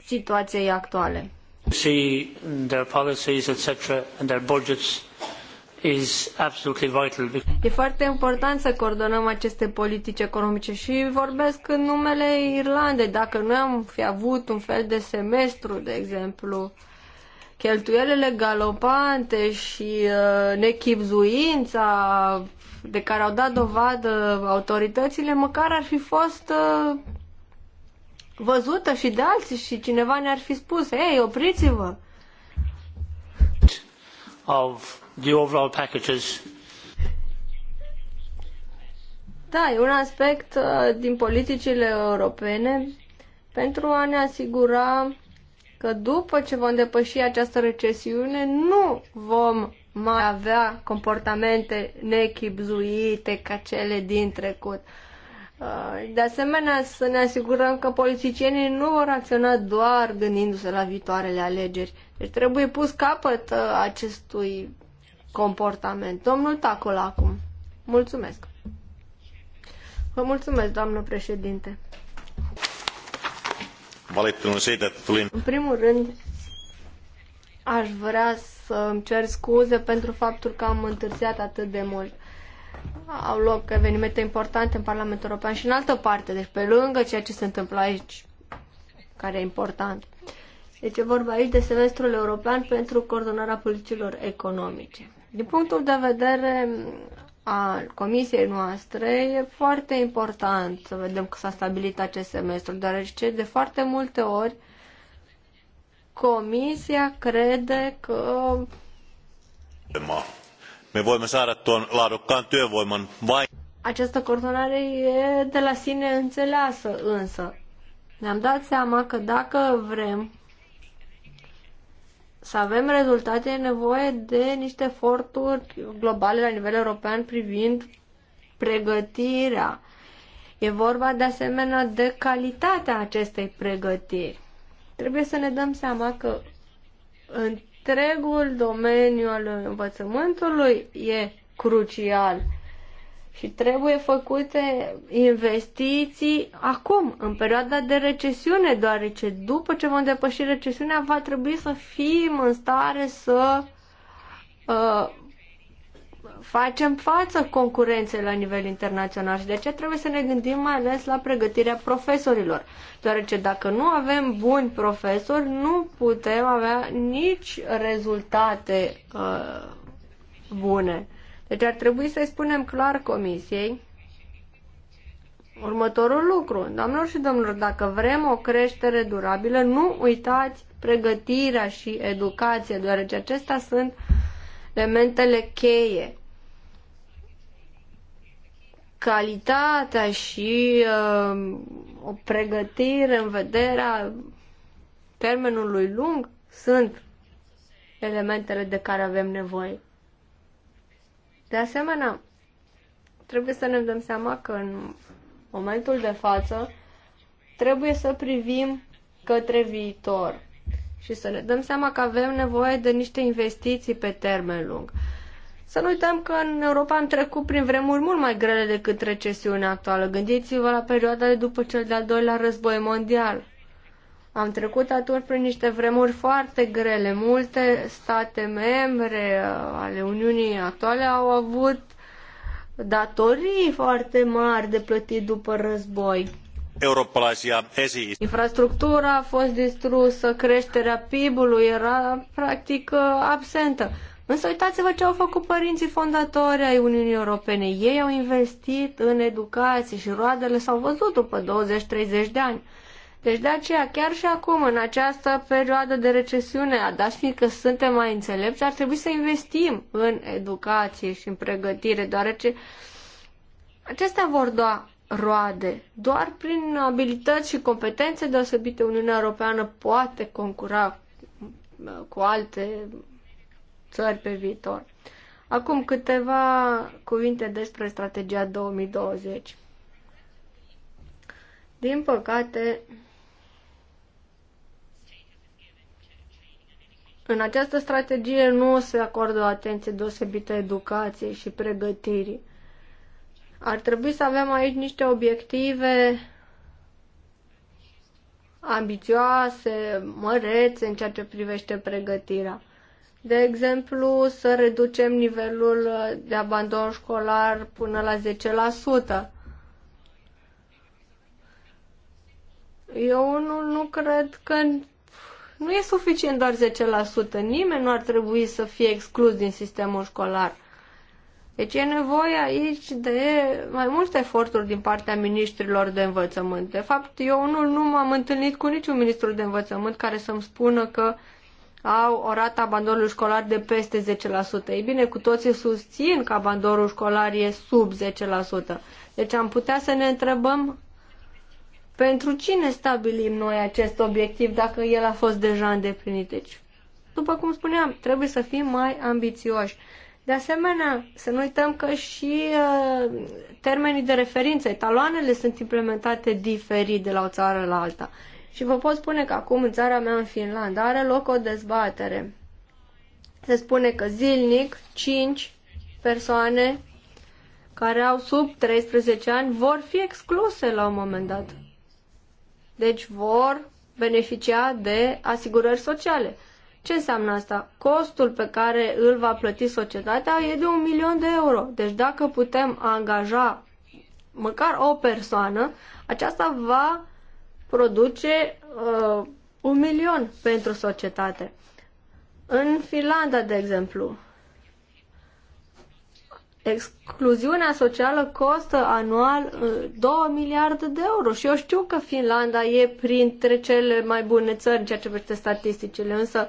situației actuale. See their policies, etc., and their budgets is absolutely vital. E foarte important să coordonăm aceste politici economice și vorbesc în numele Irlandei. Dacă nu am fi avut un fel de semestru, de exemplu, Cheltuielele galopante și uh, nechipzuința de care au dat dovadă autoritățile, măcar ar fi fost uh, văzută și de alții și cineva ne-ar fi spus, ei, opriți-vă! Of the overall packages da, e un aspect uh, din politicile europene pentru a ne asigura că după ce vom depăși această recesiune, nu vom mai avea comportamente nechipzuite ca cele din trecut. Uh, de asemenea, să ne asigurăm că politicienii nu vor acționa doar gândindu-se la viitoarele alegeri. Deci trebuie pus capăt uh, acestui comportament. Domnul Tacul acum. Mulțumesc. Vă mulțumesc, doamnă președinte tulin... În primul rând, aș vrea să îmi cer scuze pentru faptul că am întârziat atât de mult. Au loc evenimente importante în Parlamentul European și în altă parte, deci pe lângă ceea ce se întâmplă aici, care e important. Deci e vorba aici de semestrul european pentru coordonarea politicilor economice. Din punctul de vedere al comisiei noastre e foarte important să vedem că s-a stabilit acest semestru, deoarece de foarte multe ori comisia crede că me voimme saada tuon laadukkaan työvoiman vain. Această coordonare e de la sine înțeleasă, însă ne-am dat seama că dacă vrem să avem rezultate, e nevoie de niște eforturi globale la nivel european privind pregătirea. E vorba de asemenea de calitatea acestei pregătiri. Trebuie să ne dăm seama că întregul domeniu al învățământului e crucial și trebuie făcute investiții acum, în perioada de recesiune, deoarece după ce vom depăși recesiunea, va trebui să fim în stare să uh, facem față concurenței la nivel internațional și de ce trebuie să ne gândim mai ales la pregătirea profesorilor. Deoarece dacă nu avem buni profesori, nu putem avea nici rezultate uh, bune. Deci ar trebui să-i spunem clar comisiei următorul lucru. Doamnelor și domnilor, dacă vrem o creștere durabilă, nu uitați pregătirea și educația, deoarece acestea sunt elementele cheie. Calitatea și uh, o pregătire în vederea termenului lung sunt elementele de care avem nevoie. De asemenea, trebuie să ne dăm seama că în momentul de față trebuie să privim către viitor și să ne dăm seama că avem nevoie de niște investiții pe termen lung. Să nu uităm că în Europa am trecut prin vremuri mult mai grele decât recesiunea actuală. Gândiți-vă la perioada de după cel de-al doilea război mondial. Am trecut atunci prin niște vremuri foarte grele. Multe state membre uh, ale Uniunii actuale au avut datorii foarte mari de plătit după război. Europalaisia esi. Infrastructura a fost distrusă, creșterea PIB-ului era practic uh, absentă. Însă uitați-vă ce au făcut părinții fondatori ai Uniunii Europene. Ei au investit în educație și roadele s-au văzut după 20-30 de ani. Deci de aceea, chiar și acum, în această perioadă de recesiune, dat fiindcă suntem mai înțelepți, ar trebui să investim în educație și în pregătire, deoarece acestea vor da roade. Doar prin abilități și competențe deosebite Uniunea Europeană poate concura uh, cu alte țări pe viitor. Acum câteva cuvinte despre strategia 2020. Din păcate, În această strategie nu se acordă o atenție deosebită educației și pregătirii. Ar trebui să avem aici niște obiective ambițioase, mărețe în ceea ce privește pregătirea. De exemplu, să reducem nivelul de abandon școlar până la 10%. Eu nu, nu cred că nu e suficient doar 10%. Nimeni nu ar trebui să fie exclus din sistemul școlar. Deci e nevoie aici de mai multe eforturi din partea ministrilor de învățământ. De fapt, eu unul nu m-am întâlnit cu niciun ministru de învățământ care să-mi spună că au o rată abandonului școlar de peste 10%. Ei bine, cu toții susțin că abandonul școlar e sub 10%. Deci am putea să ne întrebăm pentru cine stabilim noi acest obiectiv dacă el a fost deja îndeplinit? Deci, după cum spuneam, trebuie să fim mai ambițioși. De asemenea, să nu uităm că și uh, termenii de referință, etaloanele sunt implementate diferit de la o țară la alta. Și vă pot spune că acum în țara mea, în Finlanda, are loc o dezbatere. Se spune că zilnic 5 persoane care au sub 13 ani vor fi excluse la un moment dat. Deci vor beneficia de asigurări sociale. Ce înseamnă asta? Costul pe care îl va plăti societatea e de un milion de euro. Deci dacă putem angaja măcar o persoană, aceasta va produce uh, un milion pentru societate. În Finlanda, de exemplu, Excluziunea socială costă anual 2 uh, miliarde de euro și eu știu că Finlanda e printre cele mai bune țări în ceea ce privește statisticile, însă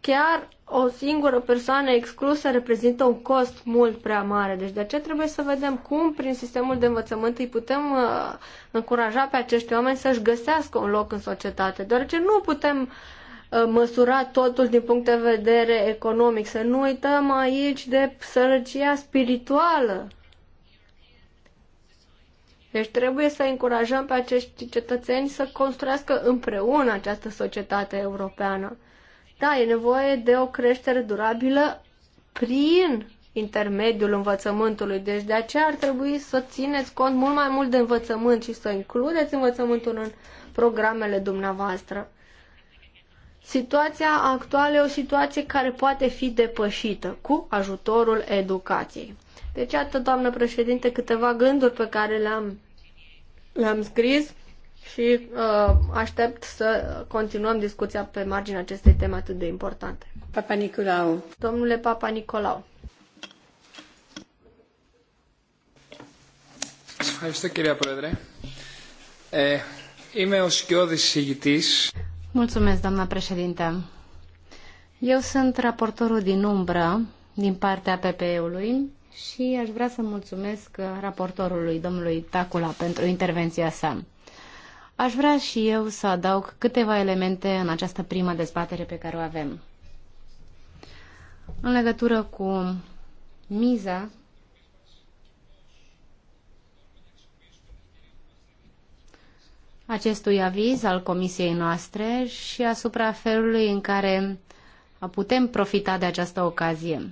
chiar o singură persoană exclusă reprezintă un cost mult prea mare. Deci de aceea trebuie să vedem cum prin sistemul de învățământ îi putem uh, încuraja pe acești oameni să-și găsească un loc în societate, deoarece nu putem uh, Uh, măsura totul din punct de vedere economic. Să nu uităm aici de sărăcia spirituală. Deci trebuie să încurajăm pe acești cetățeni să construiască împreună această societate europeană. Da, e nevoie de o creștere durabilă prin intermediul învățământului. Deci de aceea ar trebui să țineți cont mult mai mult de învățământ și să includeți învățământul în programele dumneavoastră. Situația actuală e o situație care poate fi depășită cu ajutorul educației. Deci, atât, doamnă președinte, câteva gânduri pe care le-am, le-am scris și uh, aștept să continuăm discuția pe marginea acestei teme atât de importante. Papa Nicolau. Domnule Papa Nicolau. Ευχαριστώ κυρία Πρόεδρε. Ε, είμαι ο σκιώδης Mulțumesc, doamna președinte. Eu sunt raportorul din umbră din partea PPE-ului și aș vrea să mulțumesc raportorului, domnului Tacula, pentru intervenția sa. Aș vrea și eu să adaug câteva elemente în această primă dezbatere pe care o avem. În legătură cu miza acestui aviz al comisiei noastre și asupra felului în care putem profita de această ocazie.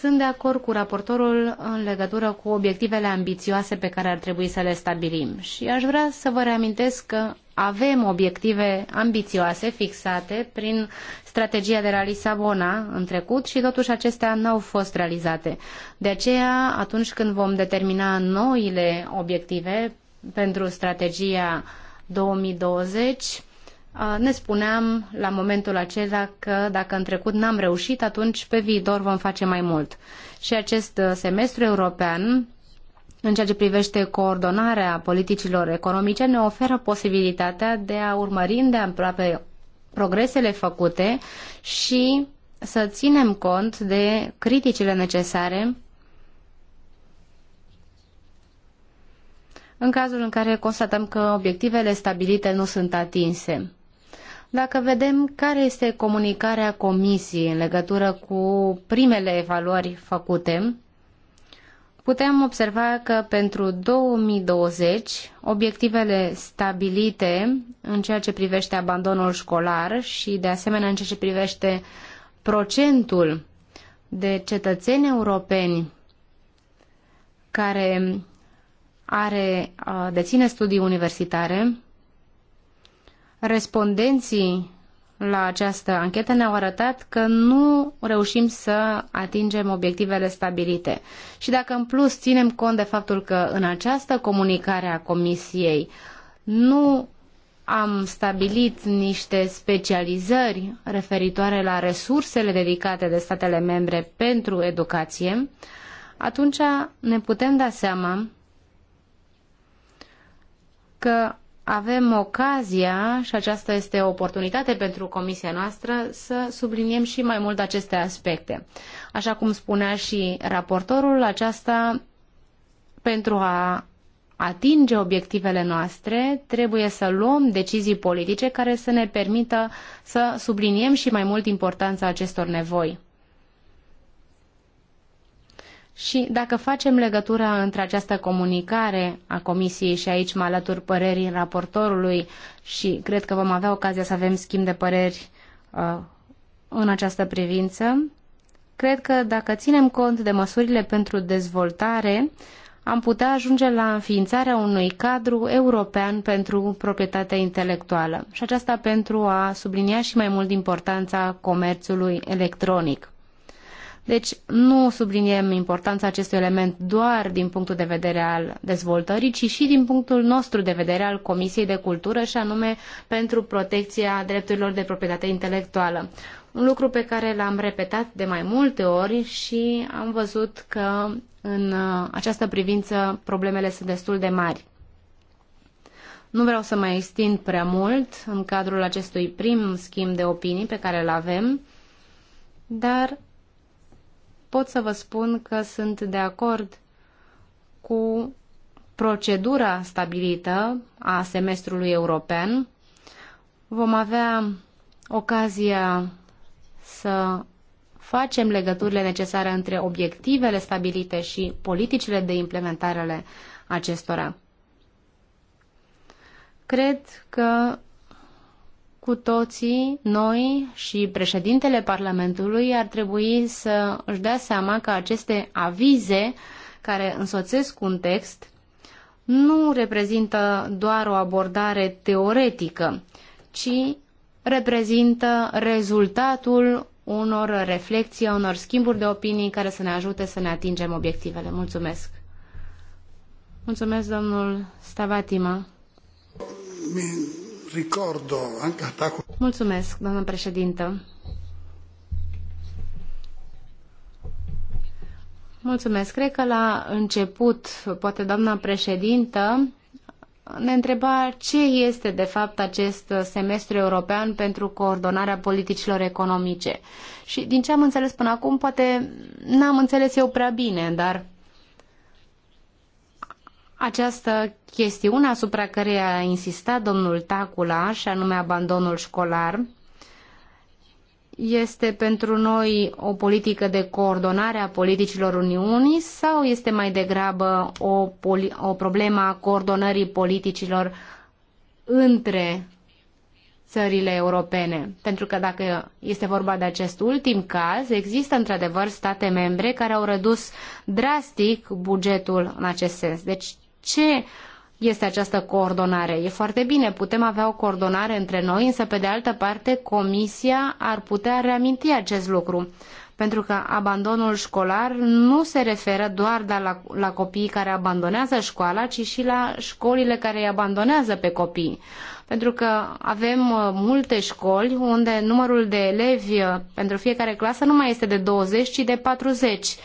Sunt de acord cu raportorul în legătură cu obiectivele ambițioase pe care ar trebui să le stabilim și aș vrea să vă reamintesc că avem obiective ambițioase fixate prin strategia de la Lisabona în trecut și totuși acestea nu au fost realizate. De aceea, atunci când vom determina noile obiective pentru strategia 2020. Ne spuneam la momentul acela că dacă în trecut n-am reușit, atunci pe viitor vom face mai mult. Și acest uh, semestru european, în ceea ce privește coordonarea politicilor economice, ne oferă posibilitatea de a urmări aproape progresele făcute și să ținem cont de criticile necesare în cazul în care constatăm că obiectivele stabilite nu sunt atinse. Dacă vedem care este comunicarea Comisiei în legătură cu primele evaluări făcute, putem observa că pentru 2020 obiectivele stabilite în ceea ce privește abandonul școlar și de asemenea în ceea ce privește procentul de cetățeni europeni care are, uh, deține studii universitare. Respondenții la această anchetă ne-au arătat că nu reușim să atingem obiectivele stabilite. Și dacă în plus ținem cont de faptul că în această comunicare a Comisiei nu am stabilit niște specializări referitoare la resursele dedicate de statele membre pentru educație, atunci ne putem da seama că avem ocazia, și aceasta este o oportunitate pentru comisia noastră, să subliniem și mai mult aceste aspecte. Așa cum spunea și raportorul, aceasta pentru a atinge obiectivele noastre, trebuie să luăm decizii politice care să ne permită să subliniem și mai mult importanța acestor nevoi. Și dacă facem legătura între această comunicare a Comisiei și aici mă alătur părerii raportorului și cred că vom avea ocazia să avem schimb de păreri uh, în această privință, cred că dacă ținem cont de măsurile pentru dezvoltare, am putea ajunge la înființarea unui cadru european pentru proprietatea intelectuală și aceasta pentru a sublinia și mai mult importanța comerțului electronic. Deci nu subliniem importanța acestui element doar din punctul de vedere al dezvoltării, ci și din punctul nostru de vedere al Comisiei de Cultură și anume pentru protecția drepturilor de proprietate intelectuală. Un lucru pe care l-am repetat de mai multe ori și am văzut că în uh, această privință problemele sunt destul de mari. Nu vreau să mai extind prea mult în cadrul acestui prim schimb de opinii pe care îl avem, dar pot să vă spun că sunt de acord cu procedura stabilită a semestrului european. Vom avea ocazia să facem legăturile necesare între obiectivele stabilite și politicile de implementare ale acestora. Cred că cu toții, noi și președintele Parlamentului ar trebui să își dea seama că aceste avize care însoțesc un text nu reprezintă doar o abordare teoretică, ci reprezintă rezultatul unor reflexii, unor schimburi de opinii care să ne ajute să ne atingem obiectivele. Mulțumesc! Mulțumesc, domnul Stavatima! ricordo anche attacco... Mulțumesc, doamnă președintă. Mulțumesc. Cred că la început, poate doamna președintă, ne întreba ce este de fapt acest semestru european pentru coordonarea politicilor economice. Și din ce am înțeles până acum, poate n-am înțeles eu prea bine, dar această chestiune asupra care a insistat domnul Tacula, și anume abandonul școlar, este pentru noi o politică de coordonare a politicilor Uniunii sau este mai degrabă o, o problemă a coordonării politicilor între țările europene. Pentru că dacă este vorba de acest ultim caz, există într-adevăr state membre care au redus drastic bugetul în acest sens. Deci ce este această coordonare. E foarte bine, putem avea o coordonare între noi, însă pe de altă parte Comisia ar putea reaminti acest lucru. Pentru că abandonul școlar nu se referă doar la, la copiii care abandonează școala, ci și la școlile care îi abandonează pe copii. Pentru că avem uh, multe școli unde numărul de elevi uh, pentru fiecare clasă nu mai este de 20, ci de 40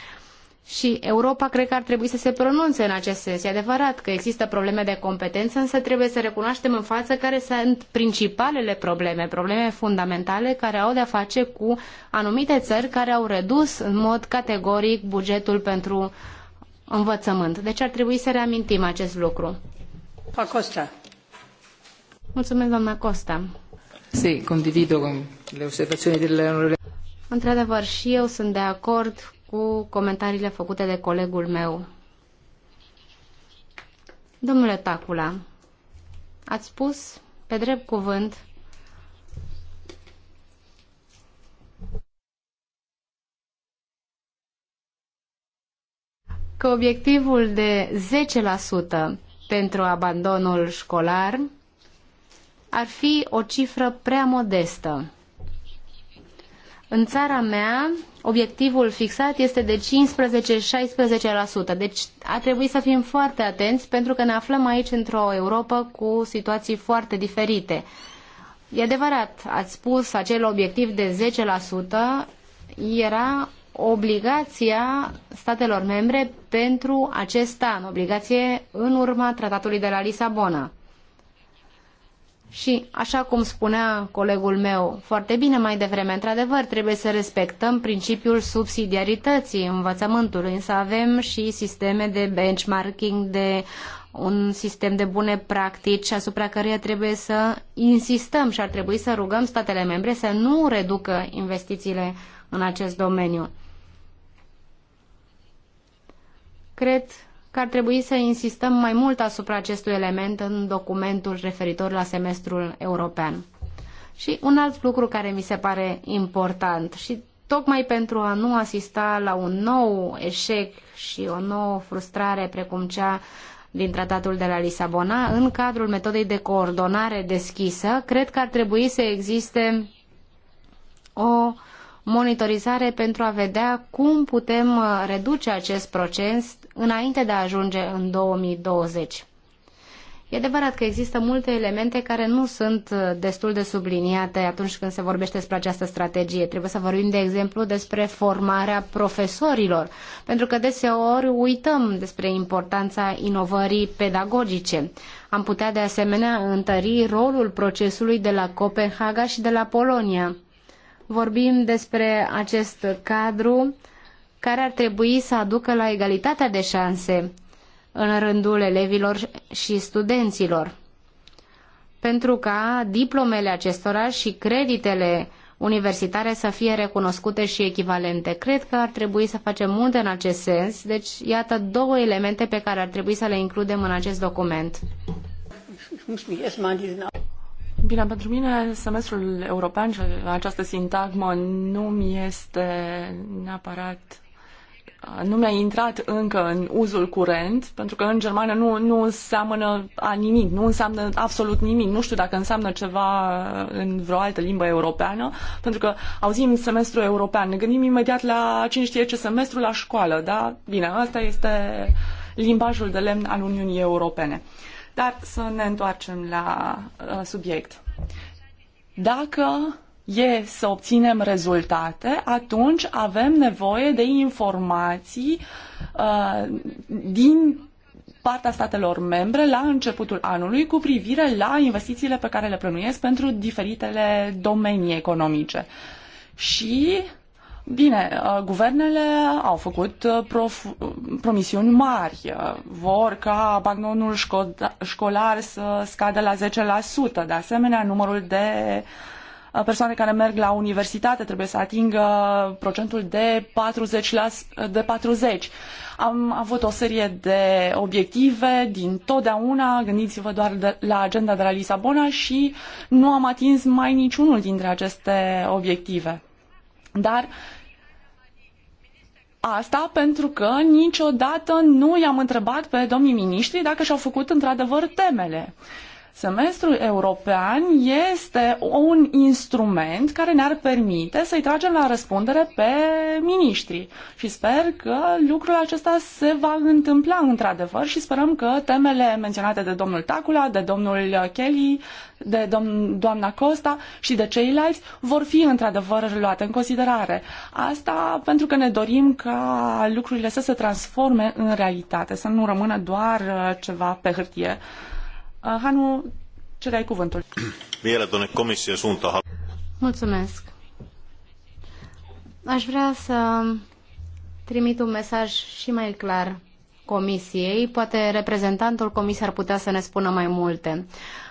și Europa cred că ar trebui să se pronunțe în acest sens. E adevărat că există probleme de competență, însă trebuie să recunoaștem în față care sunt principalele probleme, probleme fundamentale care au de-a face cu anumite țări care au redus în mod categoric bugetul pentru învățământ. Deci ar trebui să reamintim acest lucru. Acosta. Mulțumesc, doamna Costa. Sì, condivido le osservazioni dell'onorevole. Într-adevăr, și eu sunt de acord cu comentariile făcute de colegul meu. Domnule Tacula, ați spus pe drept cuvânt că obiectivul de 10% pentru abandonul școlar ar fi o cifră prea modestă. În țara mea, obiectivul fixat este de 15-16%. Deci a trebuit să fim foarte atenți pentru că ne aflăm aici într-o Europa cu situații foarte diferite. E adevărat, ați spus, acel obiectiv de 10% era obligația statelor membre pentru acest an, obligație în urma tratatului de la Lisabona. Și, așa cum spunea colegul meu foarte bine mai devreme, într-adevăr, trebuie să respectăm principiul subsidiarității învățământului, însă avem și sisteme de benchmarking, de un sistem de bune practici asupra căruia trebuie să insistăm și ar trebui să rugăm statele membre să nu reducă investițiile în acest domeniu. Cred că ar trebui să insistăm mai mult asupra acestui element în documentul referitor la semestrul european. Și un alt lucru care mi se pare important și tocmai pentru a nu asista la un nou eșec și o nouă frustrare precum cea din tratatul de la Lisabona, în cadrul metodei de coordonare deschisă, cred că ar trebui să existe o monitorizare pentru a vedea cum putem uh, reduce acest procent înainte de a ajunge în 2020. E adevărat că există multe elemente care nu sunt uh, destul de subliniate atunci când se vorbește despre această strategie. Trebuie să vorbim, de exemplu, despre formarea profesorilor, pentru că deseori uităm despre importanța inovării pedagogice. Am putea, de asemenea, întări rolul procesului de la Copenhaga și de la Polonia vorbim despre acest cadru care ar trebui să aducă la egalitatea de șanse în rândul elevilor și studenților. Pentru ca diplomele acestora și creditele universitare să fie recunoscute și echivalente. Cred că ar trebui să facem multe în acest sens, deci iată două elemente pe care ar trebui să le includem în acest document. Bine, pentru mine semestrul european, această sintagmă, nu mi este neapărat nu mi-a intrat încă în uzul curent, pentru că în germană nu, nu înseamnă a nimic, nu înseamnă absolut nimic. Nu știu dacă înseamnă ceva în vreo altă limbă europeană, pentru că auzim semestru european, ne gândim imediat la cine știe ce semestru la școală, da? Bine, asta este limbajul de lemn al Uniunii Europene. Uh, dar să ne întoarcem la uh, subiect. Dacă e să obținem rezultate, atunci avem nevoie de informații uh, din partea statelor membre la începutul anului cu privire la investițiile pe care le plănuiesc pentru diferitele domenii economice. Și Bine, uh, guvernele au făcut uh, promisiuni mari. Uh, vor ca abandonul școlar să scadă la 10%. De asemenea, numărul de persoane care merg la universitate trebuie să atingă procentul de 40. La, de 40. Am avut o serie de obiective din totdeauna, gândiți-vă doar de, la agenda de la Lisabona și nu am atins mai niciunul dintre aceste obiective. Dar Asta pentru că niciodată nu i-am întrebat pe domnii miniștri dacă și-au făcut într-adevăr temele. Semestrul european este un instrument care ne-ar permite să-i tragem la răspundere pe miniștri și sper că lucrul acesta se va întâmpla într-adevăr și sperăm că temele menționate de domnul Tacula, de domnul Kelly, de dom- doamna Costa și de ceilalți vor fi într-adevăr luate în considerare. Asta pentru că ne dorim ca lucrurile să se transforme în realitate, să nu rămână doar uh, ceva pe hârtie. Uh, Hanu, cereai cuvântul. Vielä tuonne Comisie suuntaan. Mulțumesc. Aș vrea să trimit un mesaj și mai clar Comisiei. Poate reprezentantul Comisiei ar putea să ne spună mai multe.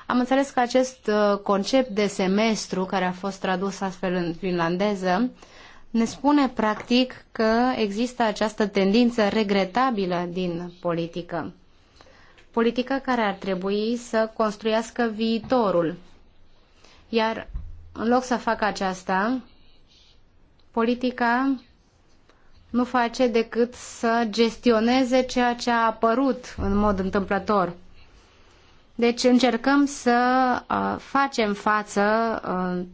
Am înțeles că acest uh, concept de semestru, care a fost tradus astfel în finlandeză, ne spune practic că există această tendință regretabilă din politică politică care ar trebui să construiască viitorul. Iar în loc să facă aceasta, politica nu face decât să gestioneze ceea ce a apărut în mod întâmplător. Deci încercăm să uh, facem față uh,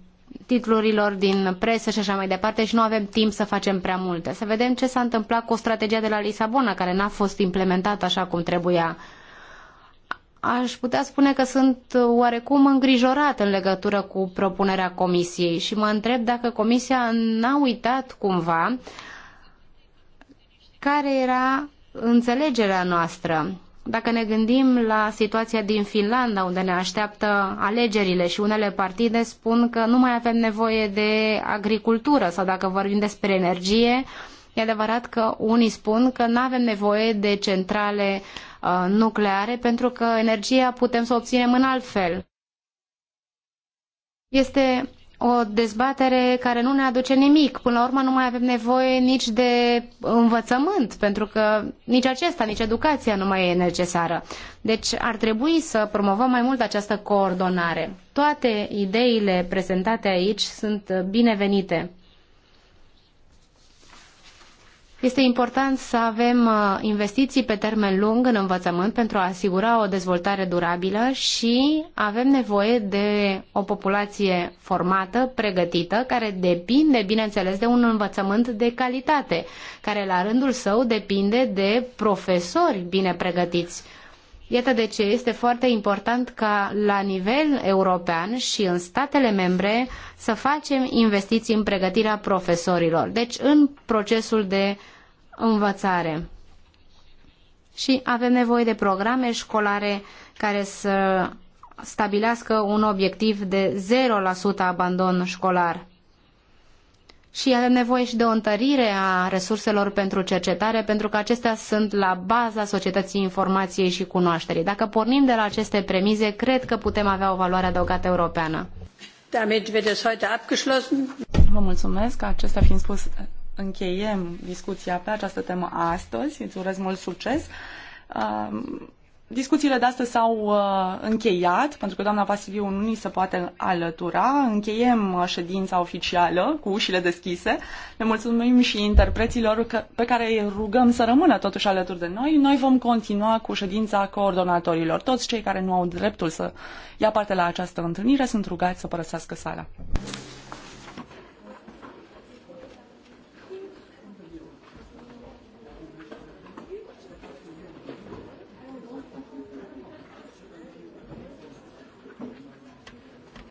titlurilor din presă și așa mai departe și nu avem timp să facem prea multe. Să vedem ce s-a întâmplat cu strategia de la Lisabona, care n-a fost implementată așa cum trebuia. Uh, aș putea spune că sunt oarecum îngrijorat în legătură cu propunerea comisiei și mă întreb dacă comisia n-a uitat cumva care era înțelegerea noastră. Dacă ne gândim la situația din Finlanda, unde ne așteaptă alegerile și unele partide spun că nu mai avem nevoie de agricultură sau dacă vorbim despre energie, uh, E adevărat că unii spun că nu avem nevoie de centrale uh, nucleare pentru că energia putem să o obținem în alt fel. Este o dezbatere care nu ne aduce nimic. Până la urmă nu mai avem nevoie nici de învățământ, pentru că nici acesta, nici educația nu mai e necesară. Deci ar trebui să promovăm mai mult această coordonare. Toate ideile prezentate aici sunt binevenite. Este important să avem uh, investiții pe termen lung în învățământ pentru a asigura o dezvoltare durabilă și avem nevoie de o populație formată, pregătită, care depinde, bineînțeles, de un învățământ de calitate, care la rândul său depinde de profesori bine pregătiți. Iată de ce este foarte important ca la nivel european și în statele membre să facem investiții în pregătirea profesorilor, deci în procesul de învățare. Și avem nevoie de programe școlare care să stabilească un obiectiv de 0% abandon școlar. Și avem nevoie și de o întărire a resurselor pentru cercetare, pentru că acestea sunt la baza societății informației și cunoașterii. Dacă pornim de la aceste premize, cred că putem avea o valoare adăugată europeană. Vă mulțumesc, acestea fiind spus, încheiem discuția pe această temă astăzi. Îți urez mult succes. Um, discuțiile de astăzi s-au uh, încheiat, pentru că doamna Vasiliu nu ni se poate alătura. Încheiem uh, ședința oficială cu ușile deschise. Le mulțumim și interpreților pe care îi rugăm să rămână totuși alături de noi. Noi vom continua cu ședința coordonatorilor. Toți cei care nu au dreptul să ia parte la această întâlnire sunt rugați să părăsească sala.